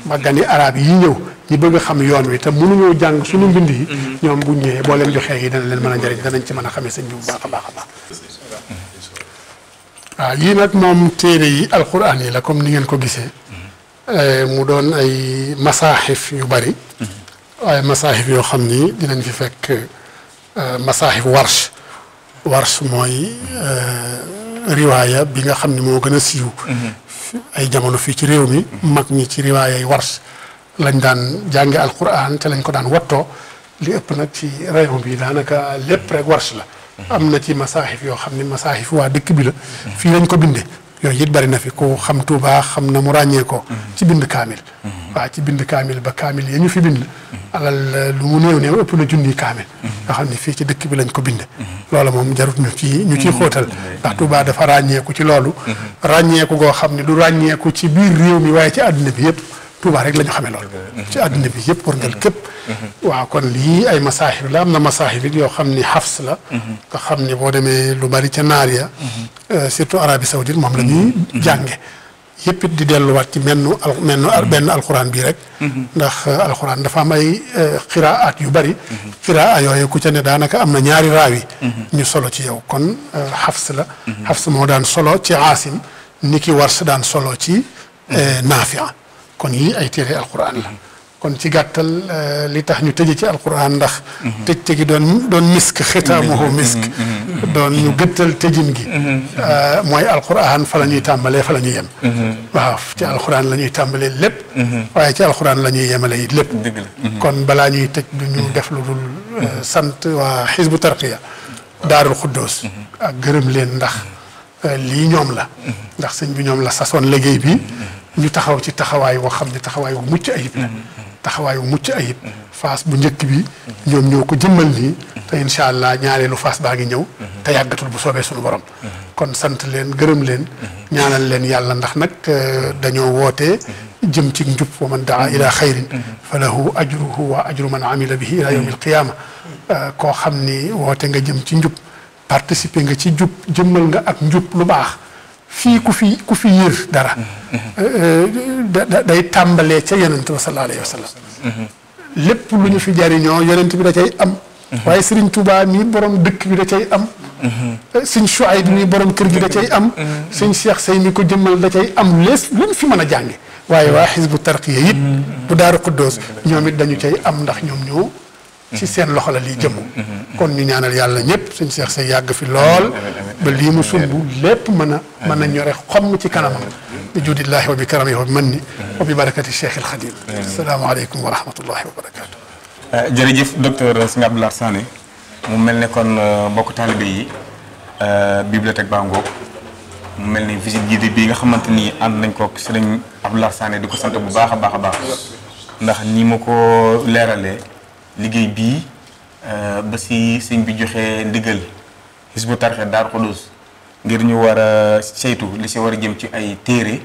ba gani arab yi ñëw ñi bëgg xam yoon wi te mënuñoo jàng suñu mbind yi. ñoom bu ñëwee boo leen joxee yi dana leen mën a njëriñ danañ ci mën a xamee sëñ bi bu baax a baax a baax. waaw yii nag moom téere yi alquran yi la comme ni ngeen ko gisee. Euh, mu doon ay masaaxif yu bari. Mm-hmm. waaye masaaxif yoo xam ni dinañ fi fekk. Euh, masaaxif warsh warsh mooy euh, riwaaya bi nga xam ne moo gën a siiw mm-hmm. ay jamono fii ci réew mi mag ñi ci riwaayay warsh lañ daan jànge alquran te lañ ko daan wattoo li ëpp nag ci rayon bi daanaka lépp rek warsh la mm-hmm. am na ci masaaxif yoo xam ne masaaxif waa dëkk bi la mm-hmm. fii lañ ko bindee yooyu it bari na fi ku xam Touba xam na mu ràññee ko. Mhm. ci bind kaamil. Mhm. waaw ci bind kaamil ba kaamil yi ñu fi bind. Mhm. alal lu mu néew néew ëpp na junniy kaamil. nga xam ne fii ci dëkk bi lañ ko bind. loola moom jarut ñu ci ñu ciy xóotal. ndax Touba dafa ràññeeku ci loolu. ràññeeku goo xam ne du ràññeeku ci biir réew mi waaye ci àdduna bi yëpp Touba rek la ñu xamee loolu. ci àdduna bi yëpp war ngel képp. waaw kon lii ay masaahir la am na masaahir it yoo xam ni xafs la nga xam ni boo demee lu bari ca naar ya euh, surtout Arabie Saoudite moom lañuy ñuy jànge yëpp di delluwaat ci mennu al mennu alxuraan bii rek ndax euh, alxuraan dafa am ay euh, xiraat yu bari xiraa yooyu ku ca ne daanaka am na ñaari raawi ñu solo ci yow kon xafs la xafs moo daan solo ci aasim ni ki wars daan solo ci naafia kon yii ay téere alxuraan la kon ci gàttal euh, li tax ñu tëje ci alquran ndax mhm. tëj doon doon misk xitaamuhu mhm. misk mhm. doon ñu gëttal tëjin gi euh, mooy alquran fa la ñuy tàmbalee fa la ñuy yem waaw ci alquran la ñuy tàmbalee lépp waaye ci alquran la ñuy yemale it lépp kon balaa ñuy tëj du ñu def lu dul euh, sant waa xisbu tarqiya daarul xuddoos ak gërëm leen ndax lii ñoom la ndax sëñ bi ñoom la sasoon liggéey bi ñu taxaw ci taxawaay woo xam ne taxawaay wu mucc ayib la taxawaayu mucc ayib. phase bu njëkk bi. ñoom ñoo ko jëmmal nii. te incha allah ñaareelu phase baa ngi ñëw. te yàggatul bu soobee suñu borom. kon sant leen gërëm leen. ñaanal leen yàlla ndax nag euh, dañoo wootee jëm ci njub wa man daa ila xayrin fa lahu ajruhu wa ajru man amila bihi ila yawmi alqiyaama euh, koo xam ni wootee nga jëm ci njub participer nga ci njub jëmmal nga ak njub lu baax. fii ku fi ku fi yër dara. Mm-hmm. Mm-hmm. Eh, eh, day tàmbalee ca yonent ba sallallahu mm-hmm. lépp lu ñu fi jariñoo yonent bi da cay am. waaye Serigne Touba mii borom dëkk bi da cay am. Eh, suñ Chouaib mii borom kër gi da cay am. suñ Cheikh Sey mi ko jëmmal da cay am lees luñ fi mën a jànge waaye waa xisbu tarqiya it. bu Daaru Quddoos ñoom it dañu cay am ndax ñoom ñoo. ci seen loxo la lii jëm. Mm-hmm. Mm-hmm. kon ñu ñaanal yàlla ñëpp suñ seex sa yàgg fi lool. ba lii mu sumb lépp mën a. mën a ñore xomm ci kanamam. bi juudillaahi wa bi karamihi wa bi manni. Mm-hmm. wa bi barakati cheikh al xadim. salaamaaleykum wa rahmatullahi wa barakaatu. Eh, jërëjëf docteur Serigne Abdou Lahad mu mel ni kon euh, mbokk taalibe yi euh, bibliothèque bàngo mu mel ni visite guidée bii nga xamante ni ànd nañ ko Serigne Abdou Lahad Sané di ko sant bu baax a baax a baax ndax ni ma ko leerale liggéey bii euh, ba si sëñ bi joxe ndigal Hizbut Tarqiyyah Daaru Xudoos ngir ñu war a saytu li si war a jëm ci ay téere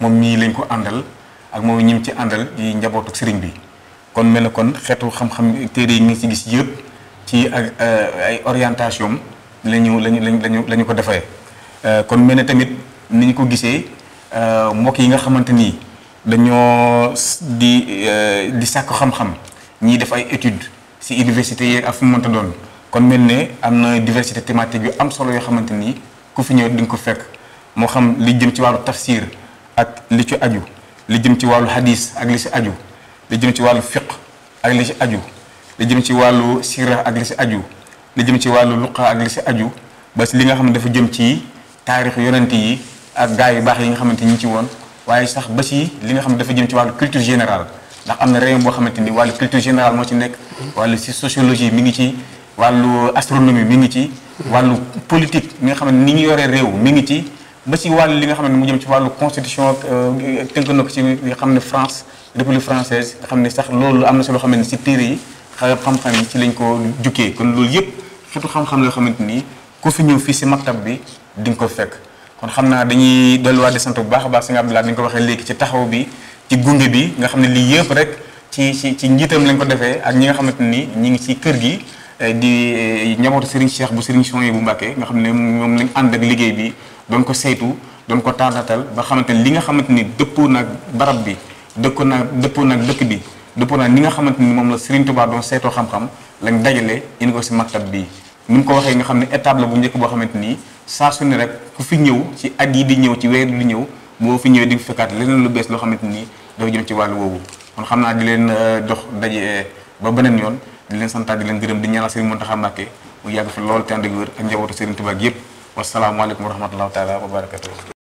moom mii lañ ko àndal ak moom ñim ci àndal di njabootu sëriñ bi kon mel na kon xeetu xam-xam téere yi ngi si gis yëpp ci ak euh, ay orientation lañu lañu lañu lañu ko defee euh, kon mel na tamit ni ñu ko gisee mbokk yi nga xamante ni dañoo di di sàkk xam-xam ñiy def ay études si université yeeg ak fu mu doon kon mel ne am na diversité thématique yu am solo yoo xamante nii ku fi ñëw di nga ko fekk moo xam li jëm ci wàllu tafsir ak li ci aju li jëm ci wàllu hadis ak li si aju li jëm ci wàllu fiq ak li si aju li jëm ci wàllu sira ak li si aju li jëm ci wàllu luqa ak si aju ba si li nga xam ne dafa jëm ci taarixu yonent yi ak gaa yu baax yi nga xamante ñi ci woon waaye sax ba si li nga xam ne dafa jëm ci wàllu culture général ndax am na rayon boo xamante ni wàllu culture générale moo ci nekk wàllu si sociologie mi ngi ci wàllu astronomie mi ngi ci wàllu politique mi nga xam ne nii ñu yoree réew mi ngi ci ba ci wàllu li nga xam ne mu jëm ci wàllu constitution euh, tënk na ko ci nga xam ne France république française nga xam ne sax loolu am na si loo xam ne si téere yi xam-xam yi ci lañ ko jukkee kon loolu yëpp xeetu xam-xam la yoo xamante ni ku fi ñëw fii si maktab bi di nga ko fekk kon xam naa dañuy delluwaat di sant bu baax a baax si nga Abdoulaye ni nga ko waxee léegi ci taxaw bi ci gunge bi nga xam ne lii yëpp rek ci ci ci njiitam lañ ko defee ak ñi nga xamante ni ñi ngi ci kër gi eh, di eh, njabootu Serigne Cheikh bu Serigne Souhaïbou bu Mbacké nga xam ne moom lañ ànd liggéey bi doon ko saytu doon ko taatatal ba xamante ni li nga xamante ni dëppoo nag barab bi dëkk nag dëppoo nag dëkk bi dëppoo nag ni nga xamante ni moom la Serigne Touba doon saytoo xam-xam lañ dajale indi ko si maktab bii nu mu ko waxee nga xam ne étape la bu njëkk boo xamante ni saa su ne rek ku fi ñëw ci at yi di ñëw ci weer di ñëw boo fi ñëwee di fekkaat leneen lu bees loo xamante ni dafa jëm ci wàllu boobu kon xam naa di leen euh, dox daje euh, ba beneen yoon di leen santaat di leen gërëm di ñaanal Serigne Mountakha Mbacké mu yàgg fi lool te ànd ak wér ak njabootu Serigne Touba yëpp wasalaamaaleykum wa rahmatullahi taala wa